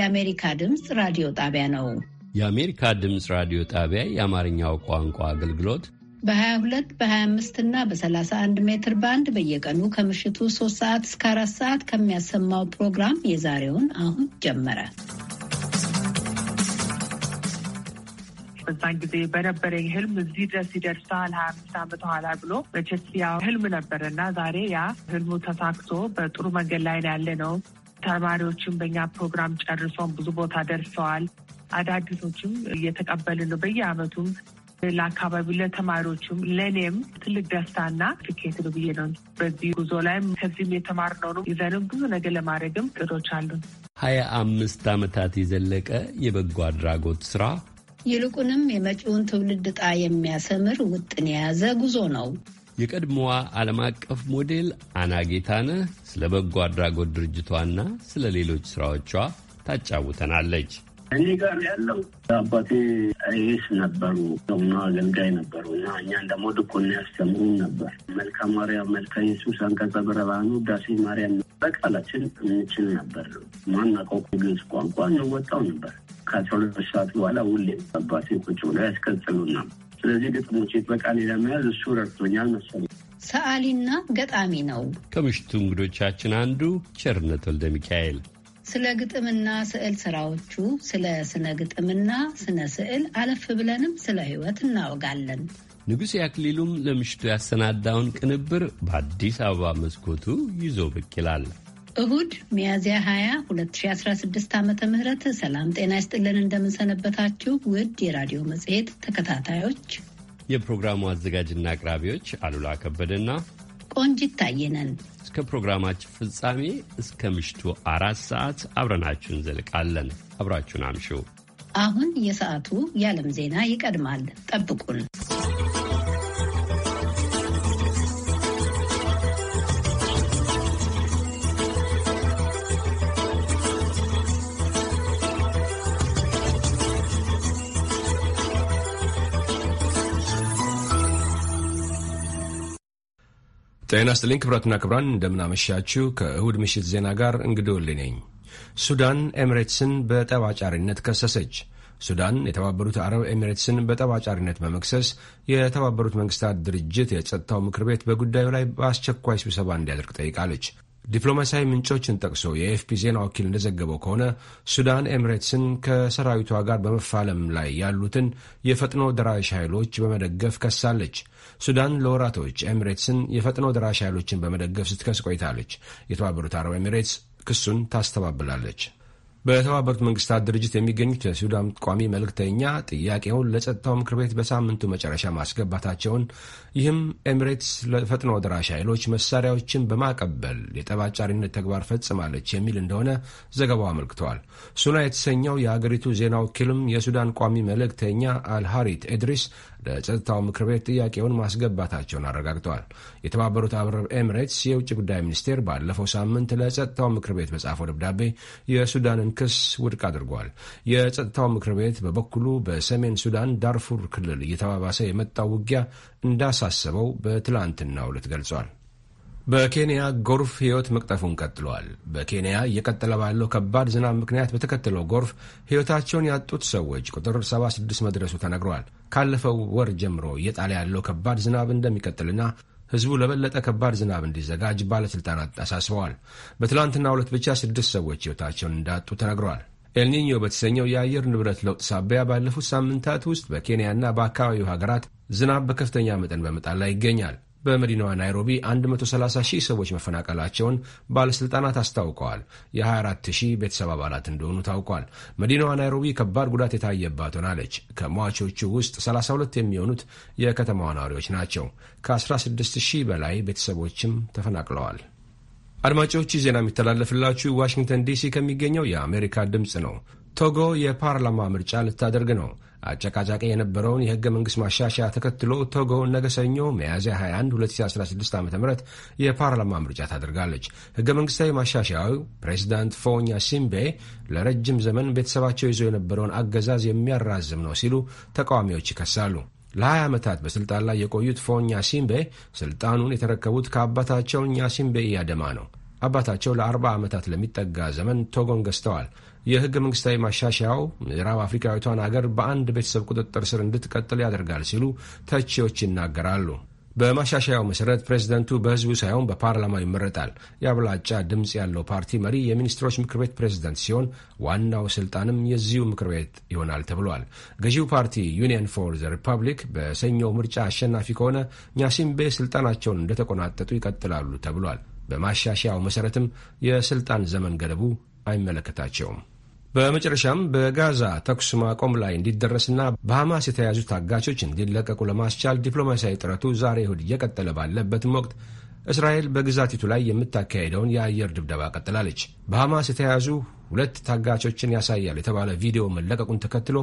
የአሜሪካ ድምፅ ራዲዮ ጣቢያ ነው። የአሜሪካ ድምፅ ራዲዮ ጣቢያ የአማርኛው ቋንቋ አገልግሎት በ22 በ25 እና በ31 ሜትር ባንድ በየቀኑ ከምሽቱ 3 ሰዓት እስከ 4 ሰዓት ከሚያሰማው ፕሮግራም የዛሬውን አሁን ጀመረ። በዛን ጊዜ በነበረኝ ህልም እዚህ ድረስ ይደርሳል ሀያ አምስት ዓመት ኋላ ብሎ መቼስ ያው ህልም ነበር እና ዛሬ ያ ህልሙ ተሳክቶ በጥሩ መንገድ ላይ ያለ ነው። ተማሪዎችም በእኛ ፕሮግራም ጨርሰውን ብዙ ቦታ ደርሰዋል። አዳዲሶችም እየተቀበል ነው በየአመቱም ለአካባቢው ለተማሪዎችም ለእኔም ትልቅ ደስታና ስኬት ነው ብዬ ነው። በዚህ ጉዞ ላይም ከዚህም የተማርነው ነው ይዘንም ብዙ ነገር ለማድረግም ቅዶች አሉን። ሀያ አምስት ዓመታት የዘለቀ የበጎ አድራጎት ስራ ይልቁንም የመጪውን ትውልድ ዕጣ የሚያሰምር ውጥን የያዘ ጉዞ ነው። የቀድሞዋ ዓለም አቀፍ ሞዴል አና ጌታነህ ስለ በጎ አድራጎት ድርጅቷና ስለ ሌሎች ስራዎቿ ታጫውተናለች። እኔ ጋር ያለው አባቴ ቄስ ነበሩ እና አገልጋይ ነበሩ እና እኛን ደግሞ ድቁና ያስተምሩን ነበር። መልካ ማርያም፣ መልካ ኢየሱስ፣ አንቀጸ ብርሃኑ፣ ዳሴ ማርያም በቃላችን እንችል ነበር። ማናውቀው ግዕዝ ቋንቋ እንወጣው ነበር። ከአስራ ሁለት ሰዓት በኋላ ሁሌም አባቴ ቁጭ ብለው ያስቀጽሉና ስለዚህ ግጥሞች የተበቃሌ ለመያዝ እሱ ረድቶኛል መሰለኝ። ሰዓሊና ገጣሚ ነው። ከምሽቱ እንግዶቻችን አንዱ ቸርነት ወልደ ሚካኤል ስለ ግጥምና ስዕል ስራዎቹ፣ ስለ ስነ ግጥምና ስነ ስዕል አለፍ ብለንም ስለ ህይወት እናወጋለን። ንጉሥ አክሊሉም ለምሽቱ ያሰናዳውን ቅንብር በአዲስ አበባ መስኮቱ ይዞ ብቅ ይላል። እሁድ ሚያዝያ 20 2016 ዓ ም ሰላም ጤና ይስጥልን። እንደምንሰነበታችሁ ውድ የራዲዮ መጽሔት ተከታታዮች፣ የፕሮግራሙ አዘጋጅና አቅራቢዎች አሉላ ከበደና ቆንጂት ታየነን እስከ ፕሮግራማችን ፍጻሜ እስከ ምሽቱ አራት ሰዓት አብረናችሁ እንዘልቃለን። አብራችሁን አምሹ። አሁን የሰዓቱ የዓለም ዜና ይቀድማል። ጠብቁን። ጤና ስጥልኝ ክብረትና ክብራን፣ እንደምናመሻችሁ። ከእሁድ ምሽት ዜና ጋር እንግዶል ነኝ። ሱዳን ኤሚሬትስን በጠባጫሪነት ከሰሰች። ሱዳን የተባበሩት አረብ ኤሚሬትስን በጠባጫሪነት በመክሰስ የተባበሩት መንግስታት ድርጅት የጸጥታው ምክር ቤት በጉዳዩ ላይ በአስቸኳይ ስብሰባ እንዲያደርግ ጠይቃለች። ዲፕሎማሲያዊ ምንጮችን ጠቅሶ የኤፍፒ ዜና ወኪል እንደዘገበው ከሆነ ሱዳን ኤምሬትስን ከሰራዊቷ ጋር በመፋለም ላይ ያሉትን የፈጥኖ ደራሽ ኃይሎች በመደገፍ ከሳለች። ሱዳን ለወራቶች ኤምሬትስን የፈጥኖ ደራሽ ኃይሎችን በመደገፍ ስትከስ ቆይታለች። የተባበሩት አረብ ኤምሬትስ ክሱን ታስተባብላለች። በተባበሩት መንግስታት ድርጅት የሚገኙት የሱዳን ቋሚ መልእክተኛ ጥያቄውን ለጸጥታው ምክር ቤት በሳምንቱ መጨረሻ ማስገባታቸውን ይህም ኤሚሬትስ ለፈጥኖ ደራሽ ኃይሎች መሳሪያዎችን በማቀበል የጠባጫሪነት ተግባር ፈጽማለች የሚል እንደሆነ ዘገባው አመልክተዋል። ሱና የተሰኘው የአገሪቱ ዜና ወኪልም የሱዳን ቋሚ መልእክተኛ አልሃሪት ኤድሪስ ለጸጥታው ምክር ቤት ጥያቄውን ማስገባታቸውን አረጋግጠዋል። የተባበሩት አረብ ኤምሬትስ የውጭ ጉዳይ ሚኒስቴር ባለፈው ሳምንት ለጸጥታው ምክር ቤት በጻፈው ደብዳቤ የሱዳንን ክስ ውድቅ አድርጓል። የጸጥታው ምክር ቤት በበኩሉ በሰሜን ሱዳን ዳርፉር ክልል እየተባባሰ የመጣው ውጊያ እንዳሳሰበው በትላንትናው ዕለት ገልጿል። በኬንያ ጎርፍ ሕይወት መቅጠፉን ቀጥሏል። በኬንያ እየቀጠለ ባለው ከባድ ዝናብ ምክንያት በተከተለው ጎርፍ ሕይወታቸውን ያጡት ሰዎች ቁጥር 76 መድረሱ ተነግሯል። ካለፈው ወር ጀምሮ እየጣለ ያለው ከባድ ዝናብ እንደሚቀጥልና ሕዝቡ ለበለጠ ከባድ ዝናብ እንዲዘጋጅ ባለሥልጣናት አሳስበዋል። በትላንትና ሁለት ብቻ ስድስት ሰዎች ሕይወታቸውን እንዳጡ ተነግረዋል። ኤልኒኞ በተሰኘው የአየር ንብረት ለውጥ ሳቢያ ባለፉት ሳምንታት ውስጥ በኬንያና በአካባቢው ሀገራት ዝናብ በከፍተኛ መጠን በመጣል ላይ ይገኛል። በመዲናዋ ናይሮቢ 130 ሺህ ሰዎች መፈናቀላቸውን ባለሥልጣናት አስታውቀዋል። የ24 ሺህ ቤተሰብ አባላት እንደሆኑ ታውቋል። መዲናዋ ናይሮቢ ከባድ ጉዳት የታየባት ሆናለች። ከሟቾቹ ውስጥ 32 የሚሆኑት የከተማዋ ነዋሪዎች ናቸው። ከ16 ሺህ በላይ ቤተሰቦችም ተፈናቅለዋል። አድማጮች ዜና የሚተላለፍላችሁ ዋሽንግተን ዲሲ ከሚገኘው የአሜሪካ ድምፅ ነው። ቶጎ የፓርላማ ምርጫ ልታደርግ ነው። አጨቃጫቂ የነበረውን የህገ መንግስት ማሻሻያ ተከትሎ ቶጎ ነገ ሰኞ ሚያዝያ 21 2016 ዓ ም የፓርላማ ምርጫ ታደርጋለች። ህገ መንግስታዊ ማሻሻያው ፕሬዚዳንት ፎኛ ሲምቤ ለረጅም ዘመን ቤተሰባቸው ይዞ የነበረውን አገዛዝ የሚያራዝም ነው ሲሉ ተቃዋሚዎች ይከሳሉ። ለ20 ዓመታት በስልጣን ላይ የቆዩት ፎኛ ሲምቤ ስልጣኑን የተረከቡት ከአባታቸው ኛሲምቤ እያደማ ነው። አባታቸው ለ40 ዓመታት ለሚጠጋ ዘመን ቶጎን ገዝተዋል። የህገ መንግስታዊ ማሻሻያው ምዕራብ አፍሪካዊቷን አገር በአንድ ቤተሰብ ቁጥጥር ስር እንድትቀጥል ያደርጋል ሲሉ ተቺዎች ይናገራሉ። በማሻሻያው መሰረት ፕሬዝደንቱ በህዝቡ ሳይሆን በፓርላማው ይመረጣል። የአብላጫ ድምፅ ያለው ፓርቲ መሪ የሚኒስትሮች ምክር ቤት ፕሬዝደንት ሲሆን ዋናው ስልጣንም የዚሁ ምክር ቤት ይሆናል ተብሏል። ገዢው ፓርቲ ዩኒየን ፎር ዘ ሪፐብሊክ በሰኞው ምርጫ አሸናፊ ከሆነ ኛሲምቤ ስልጣናቸውን እንደተቆናጠጡ ይቀጥላሉ ተብሏል። በማሻሻያው መሰረትም የስልጣን ዘመን ገደቡ አይመለከታቸውም። በመጨረሻም በጋዛ ተኩስ ማቆም ላይ እንዲደረስና በሐማስ የተያዙ ታጋቾች እንዲለቀቁ ለማስቻል ዲፕሎማሲያዊ ጥረቱ ዛሬ እሁድ እየቀጠለ ባለበትም ወቅት እስራኤል በግዛቲቱ ላይ የምታካሄደውን የአየር ድብደባ ቀጥላለች። በሐማስ የተያዙ ሁለት ታጋቾችን ያሳያል የተባለ ቪዲዮ መለቀቁን ተከትሎ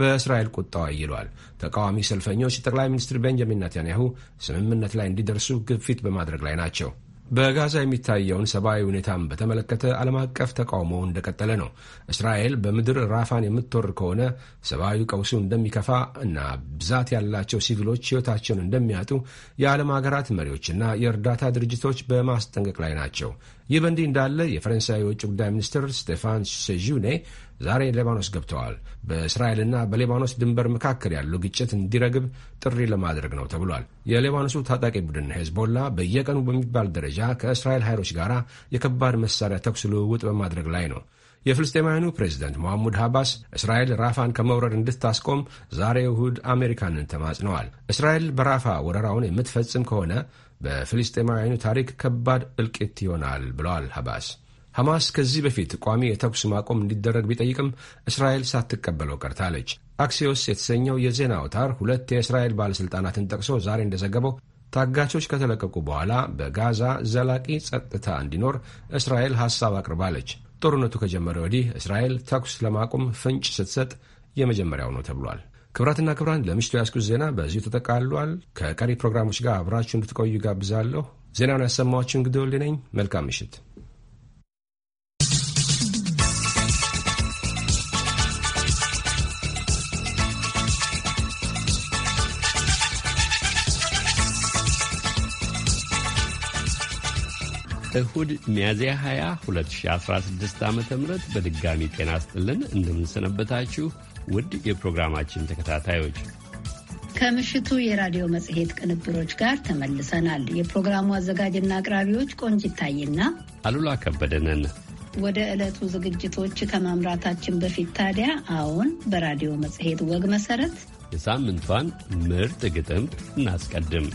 በእስራኤል ቁጣዋ ይሏል። ተቃዋሚ ሰልፈኞች ጠቅላይ ሚኒስትር ቤንጃሚን ነታንያሁ ስምምነት ላይ እንዲደርሱ ግፊት በማድረግ ላይ ናቸው። በጋዛ የሚታየውን ሰብአዊ ሁኔታን በተመለከተ ዓለም አቀፍ ተቃውሞ እንደቀጠለ ነው። እስራኤል በምድር ራፋን የምትወር ከሆነ ሰብአዊ ቀውሱ እንደሚከፋ እና ብዛት ያላቸው ሲቪሎች ሕይወታቸውን እንደሚያጡ የዓለም ሀገራት መሪዎችና የእርዳታ ድርጅቶች በማስጠንቀቅ ላይ ናቸው። ይህ በእንዲህ እንዳለ የፈረንሳይ የውጭ ጉዳይ ሚኒስትር ስቴፋን ሴዡኔ ዛሬ ሌባኖስ ገብተዋል። በእስራኤልና በሌባኖስ ድንበር መካከል ያለው ግጭት እንዲረግብ ጥሪ ለማድረግ ነው ተብሏል። የሌባኖሱ ታጣቂ ቡድን ሄዝቦላ በየቀኑ በሚባል ደረጃ ከእስራኤል ኃይሎች ጋር የከባድ መሳሪያ ተኩስ ልውውጥ በማድረግ ላይ ነው። የፍልስጤማውያኑ ፕሬዚደንት መሐሙድ ሐባስ እስራኤል ራፋን ከመውረር እንድታስቆም ዛሬ እሁድ አሜሪካንን ተማጽነዋል። እስራኤል በራፋ ወረራውን የምትፈጽም ከሆነ በፍልስጤማውያኑ ታሪክ ከባድ እልቂት ይሆናል ብለዋል ሐባስ። ሐማስ ከዚህ በፊት ቋሚ የተኩስ ማቆም እንዲደረግ ቢጠይቅም እስራኤል ሳትቀበለው ቀርታለች። አክሲዮስ የተሰኘው የዜና አውታር ሁለት የእስራኤል ባለሥልጣናትን ጠቅሶ ዛሬ እንደዘገበው ታጋቾች ከተለቀቁ በኋላ በጋዛ ዘላቂ ጸጥታ እንዲኖር እስራኤል ሐሳብ አቅርባለች። ጦርነቱ ከጀመረ ወዲህ እስራኤል ተኩስ ለማቆም ፍንጭ ስትሰጥ የመጀመሪያው ነው ተብሏል። ክብራትና ክብራን ለምሽቱ ያስኩት ዜና በዚሁ ተጠቃልሏል። ከቀሪ ፕሮግራሞች ጋር አብራችሁ እንድትቆዩ ጋብዛለሁ። ዜናውን ያሰማኋችሁ እንግዲህ ወልድ ነኝ። መልካም ምሽት። እሁድ ሚያዝያ 20 2016 ዓ ም በድጋሚ ጤና ስጥልን እንደምንሰነበታችሁ ውድ የፕሮግራማችን ተከታታዮች ከምሽቱ የራዲዮ መጽሔት ቅንብሮች ጋር ተመልሰናል። የፕሮግራሙ አዘጋጅና አቅራቢዎች ቆንጅ ይታይና አሉላ ከበደንን። ወደ ዕለቱ ዝግጅቶች ከማምራታችን በፊት ታዲያ አሁን በራዲዮ መጽሔት ወግ መሰረት የሳምንቷን ምርጥ ግጥም እናስቀድም።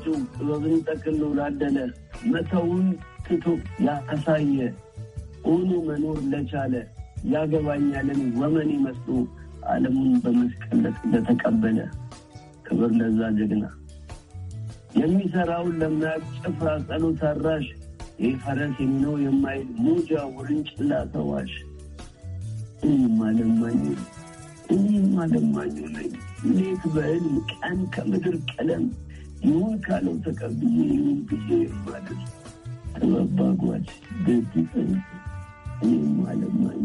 በላቸው ጥበብን ጠቅልሎ ላደለ መተውን ትቶ ያሳየ ሆኖ መኖር ለቻለ ያገባኛለን ወመን መስሎ ዓለሙን በመስቀለት ለተቀበለ ክብር ለዛ ጀግና የሚሰራውን ለማያቅ ጭፍራ ጸሎት አራሽ ይህ ፈረስ የማይል ሙጃ ውርንጭላ ተዋሽ እኔማ ለማኙ እኔማ ለማኙ ነኝ ሌት በዕልም ቀን ከምድር ቀለም ይሁን ካለው ተቀብዬ ይሁን ጊዜ ማለት ከመባጓድ ቤት እኔም አለማኝ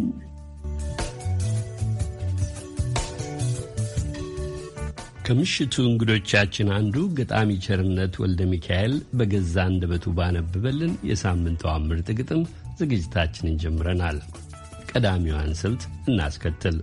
ከምሽቱ እንግዶቻችን አንዱ ገጣሚ ቸርነት ወልደ ሚካኤል በገዛ አንደበቱ ባነብበልን የሳምንቱ ምርጥ ግጥም ዝግጅታችንን ጀምረናል። ቀዳሚዋን ስልት እናስከትል።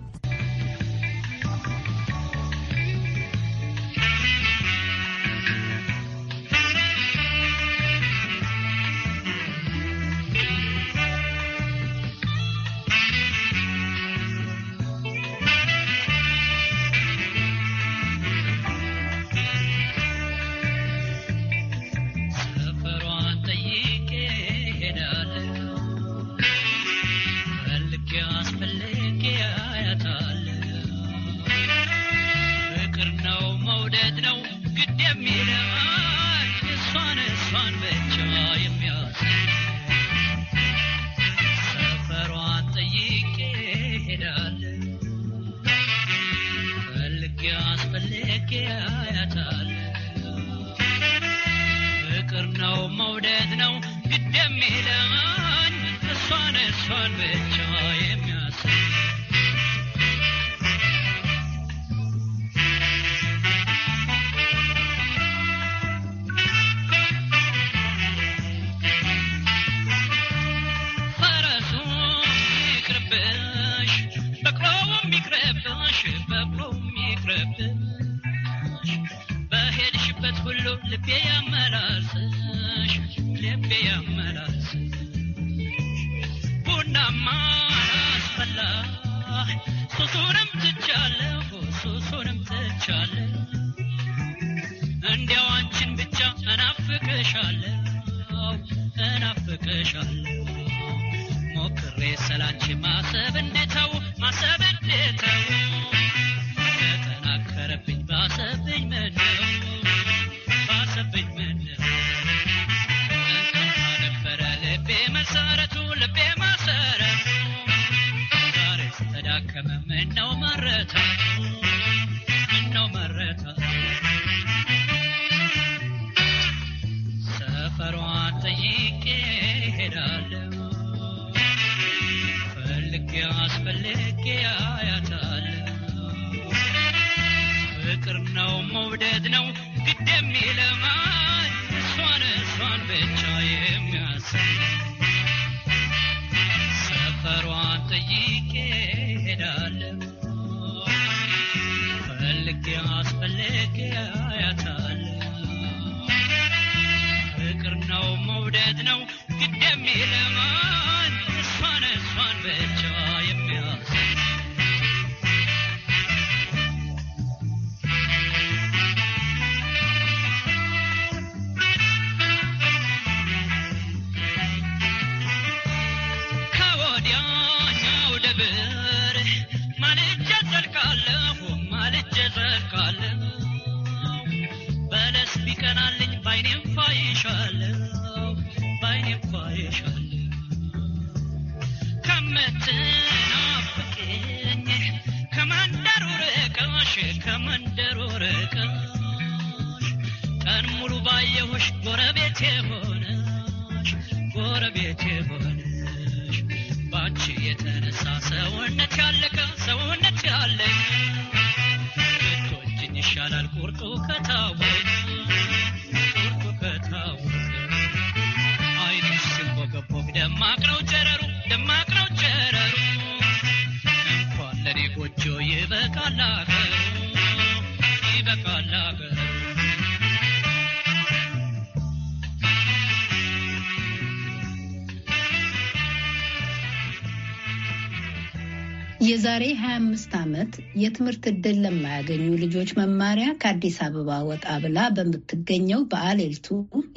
የዛሬ 25 ዓመት የትምህርት ዕድል ለማያገኙ ልጆች መማሪያ ከአዲስ አበባ ወጣ ብላ በምትገኘው በአሌልቱ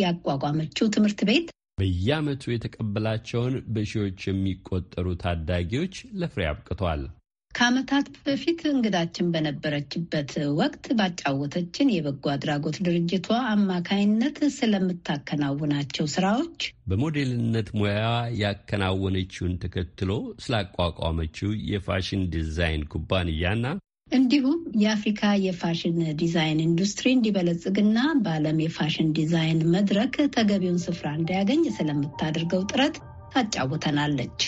ያቋቋመችው ትምህርት ቤት በየዓመቱ የተቀበላቸውን በሺዎች የሚቆጠሩ ታዳጊዎች ለፍሬ አብቅቷል። ከዓመታት በፊት እንግዳችን በነበረችበት ወቅት ባጫወተችን የበጎ አድራጎት ድርጅቷ አማካይነት ስለምታከናውናቸው ስራዎች በሞዴልነት ሙያ ያከናወነችውን ተከትሎ ስላቋቋመችው የፋሽን ዲዛይን ኩባንያና እንዲሁም የአፍሪካ የፋሽን ዲዛይን ኢንዱስትሪ እንዲበለጽግና በዓለም የፋሽን ዲዛይን መድረክ ተገቢውን ስፍራ እንዲያገኝ ስለምታደርገው ጥረት ታጫውተናለች።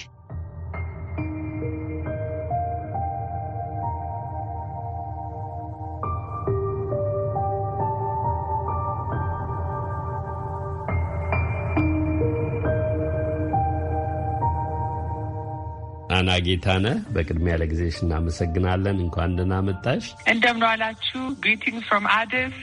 ሀና ጌታነህ በቅድሚያ ለጊዜሽ እናመሰግናለን። እንኳን ደህና መጣሽ። እንደምን ዋላችሁ። ግሪቲንግ ፍሮም አዲስ።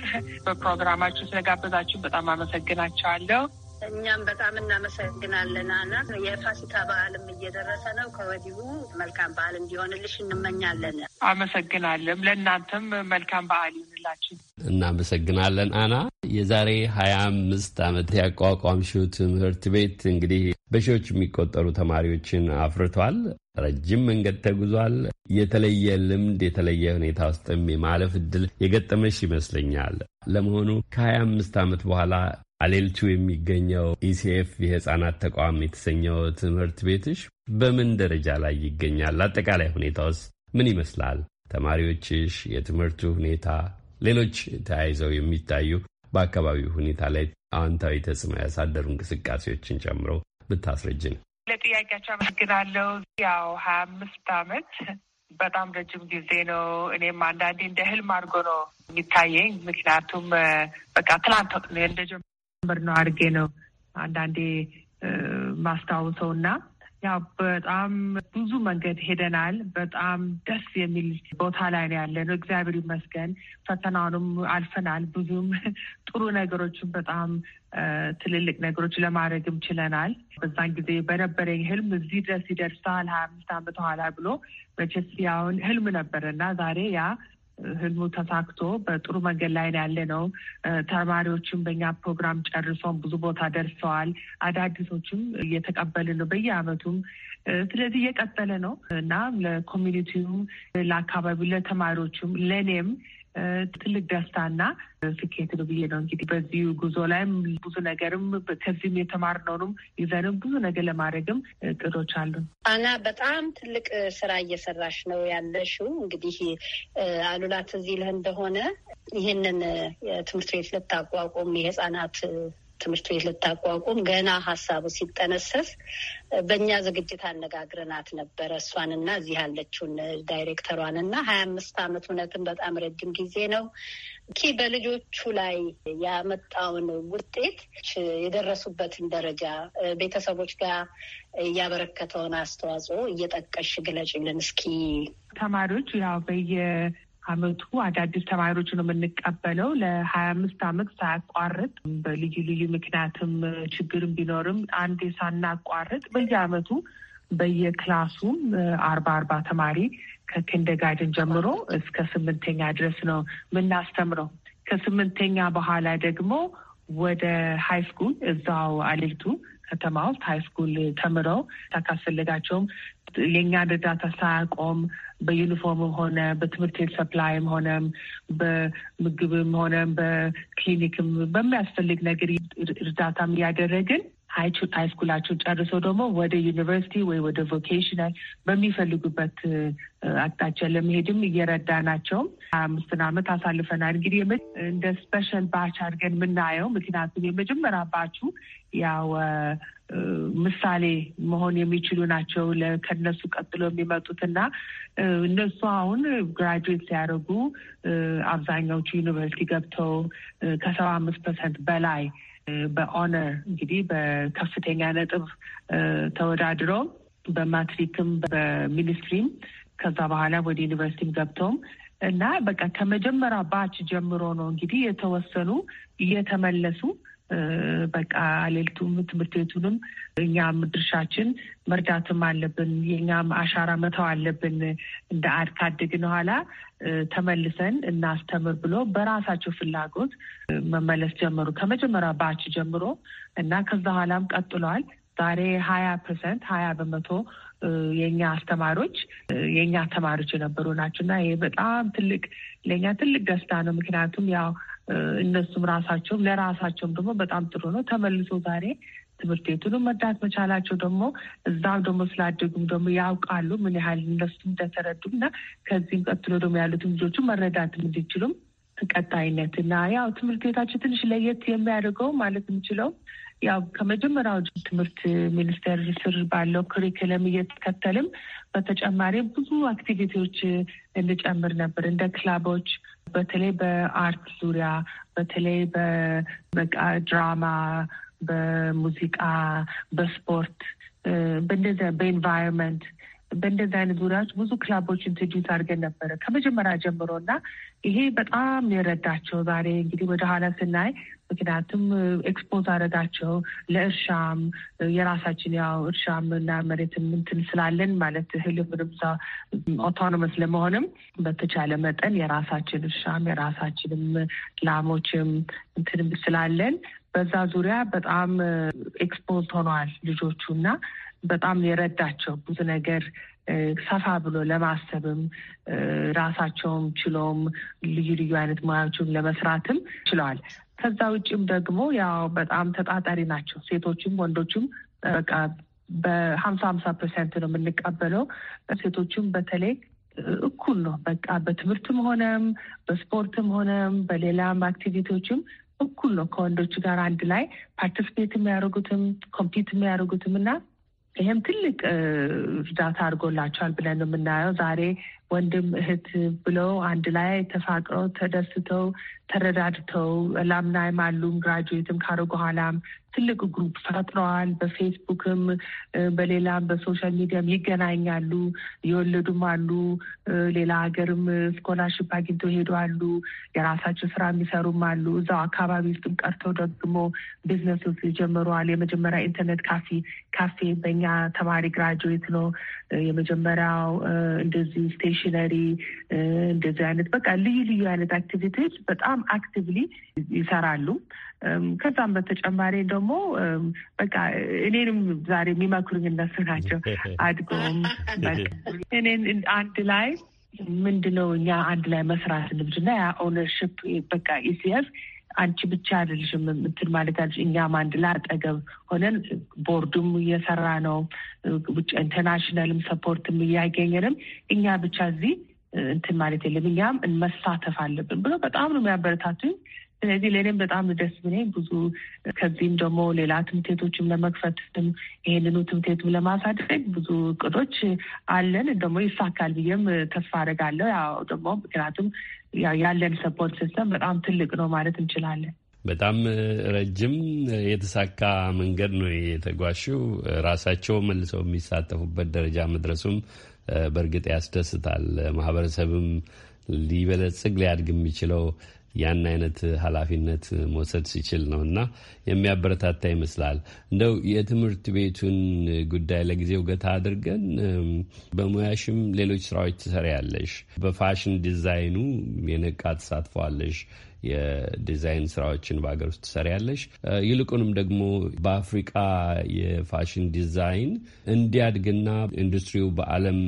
በፕሮግራማችሁ ስለጋበዛችሁ በጣም አመሰግናቸዋለሁ። እኛም በጣም እናመሰግናለን አና የፋሲካ በዓልም እየደረሰ ነው። ከወዲሁ መልካም በዓል እንዲሆንልሽ እንመኛለን። አመሰግናለም። ለእናንተም መልካም በዓል ያደርግላችሁ። እናመሰግናለን አና። የዛሬ ሀያ አምስት ዓመት ያቋቋምሽው ትምህርት ቤት እንግዲህ በሺዎች የሚቆጠሩ ተማሪዎችን አፍርቷል። ረጅም መንገድ ተጉዟል። የተለየ ልምድ፣ የተለየ ሁኔታ ውስጥም የማለፍ እድል የገጠመሽ ይመስለኛል። ለመሆኑ ከሀያ አምስት ዓመት በኋላ አሌልቹ የሚገኘው ኢሲኤፍ የህፃናት ተቋም የተሰኘው ትምህርት ቤትሽ በምን ደረጃ ላይ ይገኛል? አጠቃላይ ሁኔታውስ ምን ይመስላል? ተማሪዎችሽ፣ የትምህርቱ ሁኔታ ሌሎች ተያይዘው የሚታዩ በአካባቢው ሁኔታ ላይ አዎንታዊ ተጽዕኖ ያሳደሩ እንቅስቃሴዎችን ጨምሮ ብታስረጅን። ለጥያቄያቸው አመሰግናለሁ። ያው ሀያ አምስት አመት በጣም ረጅም ጊዜ ነው። እኔም አንዳንዴ እንደ ህልም አድርጎ ነው የሚታየኝ። ምክንያቱም በቃ ትላንት ነው አድርጌ ነው አንዳንዴ ማስታውሰው እና ያው በጣም ብዙ መንገድ ሄደናል። በጣም ደስ የሚል ቦታ ላይ ነው ያለነው። እግዚአብሔር ይመስገን ፈተናውንም አልፈናል። ብዙም ጥሩ ነገሮችን በጣም ትልልቅ ነገሮች ለማድረግም ችለናል። በዛን ጊዜ በነበረኝ ህልም እዚህ ድረስ ይደርሳል ሀያ አምስት አመት ኋላ ብሎ መቼስ ያውን ህልም ነበረና ዛሬ ያ ህልሙ ተሳክቶ በጥሩ መንገድ ላይ ያለ ነው። ተማሪዎችም በኛ ፕሮግራም ጨርሰውን ብዙ ቦታ ደርሰዋል። አዳዲሶችም እየተቀበልን ነው በየአመቱም። ስለዚህ እየቀጠለ ነው እና ለኮሚኒቲውም፣ ለአካባቢው፣ ለተማሪዎችም ለእኔም ትልቅ ደስታና ስኬት ነው ብዬ ነው እንግዲህ በዚሁ ጉዞ ላይም ብዙ ነገርም ከዚህም የተማርነውንም ይዘንም ብዙ ነገር ለማድረግም እቅዶች አሉ። አና በጣም ትልቅ ስራ እየሰራሽ ነው ያለሽው። እንግዲህ አሉላ ትዝ ይልህ እንደሆነ ይህንን ትምህርት ቤት ልታቋቁም የህፃናት ትምህርት ቤት ልታቋቁም ገና ሀሳቡ ሲጠነሰስ በእኛ ዝግጅት አነጋግረናት ነበረ። እሷንና እዚህ ያለችውን ዳይሬክተሯንና ሀያ አምስት አመት እውነትን በጣም ረጅም ጊዜ ነው። ኪ በልጆቹ ላይ ያመጣውን ውጤት የደረሱበትን ደረጃ ቤተሰቦች ጋር እያበረከተውን አስተዋጽኦ እየጠቀሽ ግለጭልን እስኪ። ተማሪዎች ያው በየ አመቱ አዳዲስ ተማሪዎች ነው የምንቀበለው። ለሀያ አምስት አመት ሳያቋርጥ በልዩ ልዩ ምክንያትም ችግርም ቢኖርም አንዴ ሳናቋርጥ በየአመቱ በየክላሱም አርባ አርባ ተማሪ ከኪንደጋድን ጀምሮ እስከ ስምንተኛ ድረስ ነው የምናስተምረው። ከስምንተኛ በኋላ ደግሞ ወደ ሀይ ስኩል እዛው አሌቱ ከተማ ውስጥ ሀይ ስኩል ተምረው ካስፈለጋቸውም የእኛን እርዳታ ሳያቆም በዩኒፎርም ሆነ በትምህርት ቤት ሰፕላይም ሆነም በምግብም ሆነም በክሊኒክም በሚያስፈልግ ነገር እርዳታም እያደረግን ሃይስኩላቸውን ጨርሰው ደግሞ ወደ ዩኒቨርሲቲ ወይ ወደ ቮኬሽናል በሚፈልጉበት አቅጣጫ ለመሄድም እየረዳናቸውም አምስትን ዓመት አሳልፈናል። እንግዲህ እንደ ስፔሻል ባች አድርገን የምናየው ምክንያቱም የመጀመሪያ ባቹ ያው ምሳሌ መሆን የሚችሉ ናቸው ከነሱ ቀጥሎ የሚመጡት እና እነሱ አሁን ግራጁዌት ሲያደርጉ አብዛኛዎቹ ዩኒቨርሲቲ ገብተው ከሰባ አምስት ፐርሰንት በላይ በኦነር እንግዲህ በከፍተኛ ነጥብ ተወዳድረው በማትሪክም በሚኒስትሪም ከዛ በኋላ ወደ ዩኒቨርሲቲም ገብተውም እና በቃ ከመጀመሪያ ባች ጀምሮ ነው እንግዲህ የተወሰኑ እየተመለሱ በቃ ሌልቱም ትምህርት ቤቱንም እኛም ድርሻችን መርዳትም አለብን። የእኛም አሻራ መተው አለብን። እንደ አድ ካደግን ኋላ ተመልሰን እናስተምር ብሎ በራሳቸው ፍላጎት መመለስ ጀመሩ ከመጀመሪያ ባች ጀምሮ እና ከዛ ኋላም ቀጥሏል። ዛሬ ሀያ ፐርሰንት ሀያ በመቶ የእኛ አስተማሪዎች የእኛ ተማሪዎች የነበሩ ናቸው እና ይሄ በጣም ትልቅ ለእኛ ትልቅ ደስታ ነው። ምክንያቱም ያው እነሱም ራሳቸውም ለራሳቸውም ደግሞ በጣም ጥሩ ነው። ተመልሶ ዛሬ ትምህርት ቤቱንም መዳት መቻላቸው ደግሞ እዛም ደግሞ ስላደጉም ደግሞ ያውቃሉ ምን ያህል እነሱ እንደተረዱ እና ከዚህም ቀጥሎ ደግሞ ያሉትም ልጆቹ መረዳት እንዲችሉም ቀጣይነት እና ያው ትምህርት ቤታችን ትንሽ ለየት የሚያደርገው ማለት የምችለው ያው ከመጀመሪያው ትምህርት ሚኒስቴር ስር ባለው ክሪክለም እየተከተልም በተጨማሪ ብዙ አክቲቪቲዎች እንጨምር ነበር እንደ ክላቦች በተለይ በአርት ዙሪያ በተለይ በበቃ ድራማ፣ በሙዚቃ፣ በስፖርት፣ በእንደዚያ በኤንቫይሮንመንት በእንደዚህ አይነት ዙሪያዎች ብዙ ክላቦች ኢንትሮዲውስ አድርገን ነበረ ከመጀመሪያ ጀምሮ እና ይሄ በጣም የረዳቸው ዛሬ እንግዲህ ወደ ኋላ ስናይ ምክንያቱም ኤክስፖዝ አደረጋቸው ለእርሻም የራሳችን ያው እርሻም እና መሬትም እንትን ስላለን ማለት ምንም ርብዛ ኦቶኖመስ ለመሆንም በተቻለ መጠን የራሳችን እርሻም የራሳችንም ላሞችም እንትንም ስላለን በዛ ዙሪያ በጣም ኤክስፖዝ ሆነዋል ልጆቹ እና በጣም የረዳቸው ብዙ ነገር ሰፋ ብሎ ለማሰብም ራሳቸውም ችሎም ልዩ ልዩ አይነት ሙያዎችን ለመስራትም ችለዋል። ከዛ ውጭም ደግሞ ያው በጣም ተጣጣሪ ናቸው። ሴቶችም ወንዶችም በቃ በሀምሳ ሀምሳ ፐርሰንት ነው የምንቀበለው። ሴቶችም በተለይ እኩል ነው በቃ በትምህርትም ሆነም በስፖርትም ሆነም በሌላም አክቲቪቲዎችም እኩል ነው ከወንዶች ጋር አንድ ላይ ፓርቲስፔት የሚያደርጉትም ኮምፒት የሚያደርጉትም እና ይህም ትልቅ እርዳታ አድርጎላቸዋል ብለን ነው የምናየው። ዛሬ ወንድም እህት ብለው አንድ ላይ ተፋቅረው ተደስተው ተረዳድተው ላምናይም አሉም ግራጁዌትም ካረጉ በኋላም ትልቅ ግሩፕ ፈጥረዋል። በፌስቡክም በሌላም በሶሻል ሚዲያም ይገናኛሉ። የወለዱም አሉ፣ ሌላ ሀገርም ስኮላርሽፕ አግኝተው ሄዱ አሉ፣ የራሳቸው ስራ የሚሰሩም አሉ። እዛው አካባቢ ውስጥም ቀርተው ደግሞ ውስጥ ጀምረዋል። የመጀመሪያ ኢንተርኔት ካፌ ካፌ በእኛ ተማሪ ግራጁዌት ነው የመጀመሪያው እንደዚህ ስቴሽን ሚሽነሪ እንደዚህ አይነት በቃ ልዩ ልዩ አይነት አክቲቪቲዎች በጣም አክቲቭሊ ይሰራሉ። ከዛም በተጨማሪ ደግሞ በቃ እኔንም ዛሬ የሚመክሩኝ እነሱ ናቸው። አድጎም እኔን አንድ ላይ ምንድነው እኛ አንድ ላይ መስራት ልምድና ያ ኦነርሽፕ በቃ ኢሲኤፍ አንቺ ብቻ አይደልሽም የምትል ማለት አለች። እኛም አንድ ላጠገብ ሆነን ቦርዱም እየሰራ ነው፣ ኢንተርናሽናልም ሰፖርትም እያገኘንም እኛ ብቻ እዚህ እንትን ማለት የለም እኛም እንመሳተፍ አለብን ብሎ በጣም ነው የሚያበረታቱኝ። ስለዚህ ለእኔም በጣም ደስ ብለኝ ብዙ ከዚህም ደግሞ ሌላ ትምህርት ቤቶችም ለመክፈትም ይሄንኑ ትምህርት ቤቱም ለማሳደግ ብዙ እቅዶች አለን። ደግሞ ይሳካል ብዬም ተስፋ አደርጋለሁ። ያው ደግሞ ምክንያቱም ያለን ሰፖርት ሲስተም በጣም ትልቅ ነው ማለት እንችላለን። በጣም ረጅም የተሳካ መንገድ ነው የተጓሽው። ራሳቸው መልሰው የሚሳተፉበት ደረጃ መድረሱም በእርግጥ ያስደስታል። ማህበረሰብም ሊበለጽግ ሊያድግ የሚችለው ያን አይነት ኃላፊነት መውሰድ ሲችል ነው እና የሚያበረታታ ይመስላል። እንደው የትምህርት ቤቱን ጉዳይ ለጊዜው ገታ አድርገን በሙያሽም ሌሎች ስራዎች ትሰሪያለሽ፣ በፋሽን ዲዛይኑ የነቃ ተሳትፎ የዲዛይን ስራዎችን በሀገር ውስጥ ትሰሪያለሽ። ይልቁንም ደግሞ በአፍሪቃ የፋሽን ዲዛይን እንዲያድግና ኢንዱስትሪው በዓለም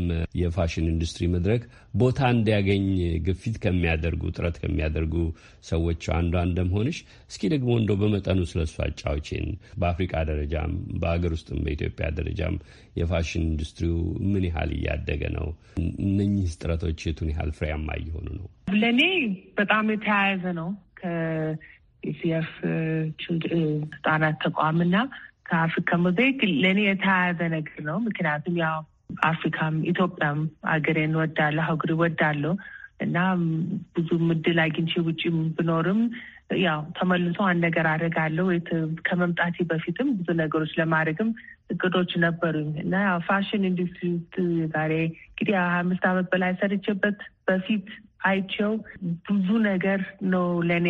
የፋሽን ኢንዱስትሪ መድረክ ቦታ እንዲያገኝ ግፊት ከሚያደርጉ ጥረት ከሚያደርጉ ሰዎች አንዷ እንደምሆንሽ እስኪ ደግሞ እንደው በመጠኑ ስለሱ አጫዎችን በአፍሪቃ ደረጃም በሀገር ውስጥም በኢትዮጵያ ደረጃም የፋሽን ኢንዱስትሪው ምን ያህል እያደገ ነው? እነኚህ ጥረቶች የቱን ያህል ፍሬያማ እየሆኑ ነው? ለእኔ በጣም የተያያዘ ነው ከኢሲኤፍ ህጻናት ተቋም እና ከአፍሪካ ሞዛይክ ለእኔ የተያያዘ ነገር ነው። ምክንያቱም ያው አፍሪካም ኢትዮጵያም ሀገሬን ወዳለሁ ሀገሬ ወዳለሁ እና ብዙ ምድል አግኝቼ ውጭ ብኖርም ያው ተመልሶ አንድ ነገር አደርጋለሁ። ከመምጣቴ በፊትም ብዙ ነገሮች ለማድረግም እቅዶች ነበሩኝ እና ያው ፋሽን ኢንዱስትሪ ዛሬ እንግዲህ ሀያ አምስት አመት በላይ ሰርቼበት በፊት አይቼው ብዙ ነገር ነው ለእኔ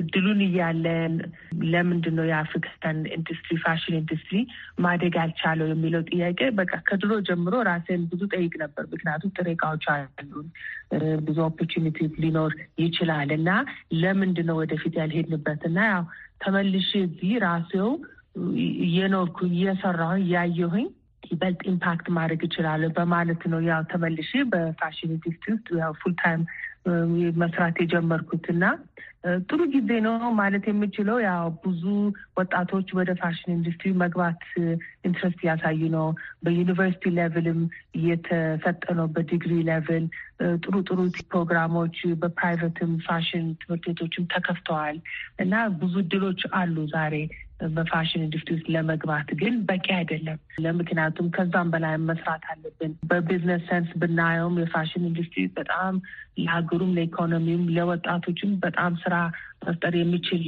እድሉን እያለን ለምንድን ነው የአፍሪካን ኢንዱስትሪ ፋሽን ኢንዱስትሪ ማደግ ያልቻለው የሚለው ጥያቄ በቃ ከድሮ ጀምሮ ራሴን ብዙ ጠይቅ ነበር። ምክንያቱም ጥሬ እቃዎች አሉ፣ ብዙ ኦፖርቹኒቲ ሊኖር ይችላል እና ለምንድን ነው ወደፊት ያልሄድንበት እና ያው ተመልሼ እዚህ ራሴው እየኖርኩ እየሰራሁኝ ያየሁኝ ይበልጥ ኢምፓክት ማድረግ እችላለሁ በማለት ነው ያው ተመልሼ በፋሽን ኢንዱስትሪ ውስጥ ያው ፉል ታይም መስራት የጀመርኩት እና ጥሩ ጊዜ ነው ማለት የምችለው። ያው ብዙ ወጣቶች ወደ ፋሽን ኢንዱስትሪ መግባት ኢንትረስት እያሳዩ ነው። በዩኒቨርሲቲ ሌቭልም እየተሰጠ ነው። በዲግሪ ሌቭል ጥሩ ጥሩ ፕሮግራሞች በፕራይቬትም ፋሽን ትምህርት ቤቶችም ተከፍተዋል እና ብዙ እድሎች አሉ ዛሬ በፋሽን ኢንዱስትሪ ውስጥ ለመግባት ግን በቂ አይደለም። ለምክንያቱም ከዛም በላይ መስራት አለብን። በቢዝነስ ሰንስ ብናየውም የፋሽን ኢንዱስትሪ በጣም ለሀገሩም ለኢኮኖሚውም ለወጣቶችም በጣም ስራ መፍጠር የሚችል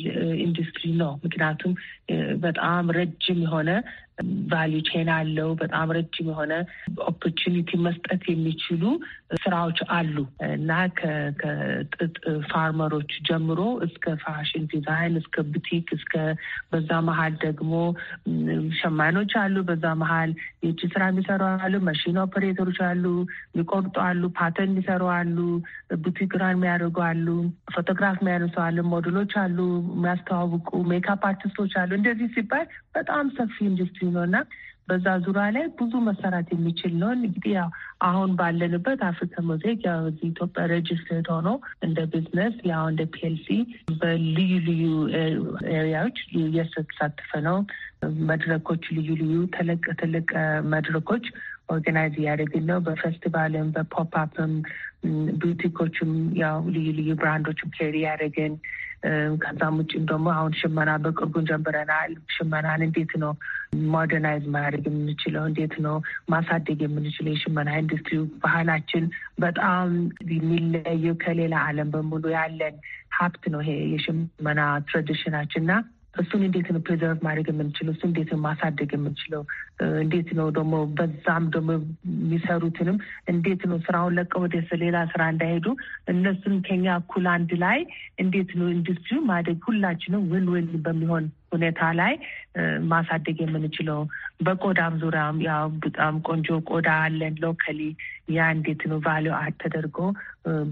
ኢንዱስትሪ ነው። ምክንያቱም በጣም ረጅም የሆነ ቫሊዩ ቼን አለው። በጣም ረጅም የሆነ ኦፖርቹኒቲ መስጠት የሚችሉ ስራዎች አሉ እና ከጥጥ ፋርመሮች ጀምሮ እስከ ፋሽን ዲዛይን፣ እስከ ቡቲክ፣ እስከ በዛ መሀል ደግሞ ሸማኖች አሉ። በዛ መሀል የእጅ ስራ የሚሰሩ አሉ። መሽን ኦፐሬተሮች አሉ። የሚቆርጡ አሉ። ፓተርን የሚሰሩ አሉ። ቡቲግራን የሚያደርጉ አሉ፣ ፎቶግራፍ የሚያነሱ አሉ፣ ሞዴሎች አሉ፣ የሚያስተዋውቁ ሜካፕ አርቲስቶች አሉ። እንደዚህ ሲባል በጣም ሰፊ ኢንዱስትሪ ነው እና በዛ ዙሪያ ላይ ብዙ መሰራት የሚችል ነው። እንግዲህ ያው አሁን ባለንበት አፍሪካ ሞዛይክ ያው እዚህ ኢትዮጵያ ሬጅስትሬት ሆኖ እንደ ቢዝነስ ያው እንደ ፒኤልሲ በልዩ ልዩ ኤሪያዎች እየተሳተፈ ነው። መድረኮች ልዩ ልዩ ትልቅ መድረኮች ኦርጋናይዝ እያደረግን ነው። በፌስቲቫልም በፖፕ አፕም ቡቲኮችም ያው ልዩ ልዩ ብራንዶችም ኬሪ ያደረግን ከዛም ውጭም ደግሞ አሁን ሽመና በቅርቡን ጀምረናል። ሽመናን እንዴት ነው ሞደርናይዝ ማድረግ የምንችለው? እንዴት ነው ማሳደግ የምንችለው? የሽመና ኢንዱስትሪ ባህላችን በጣም የሚለየው ከሌላ ዓለም በሙሉ ያለን ሀብት ነው ይሄ የሽመና ትራዲሽናችን እና እሱን እንዴት ነው ፕሬዘርቭ ማድረግ የምንችለው? እሱ እንዴት ነው ማሳደግ የምንችለው? እንዴት ነው ደግሞ በዛም ደግሞ የሚሰሩትንም እንዴት ነው ስራውን ለቀው ወደ ሌላ ስራ እንዳይሄዱ እነሱን ከኛ እኩል አንድ ላይ እንዴት ነው ኢንዱስትሪ ማደግ ሁላችንም ወን ውን በሚሆን ሁኔታ ላይ ማሳደግ የምንችለው በቆዳም ዙሪያም ያው በጣም ቆንጆ ቆዳ አለን። ሎካሊ ያ እንዴት ነው ቫሊዩ አድ ተደርጎ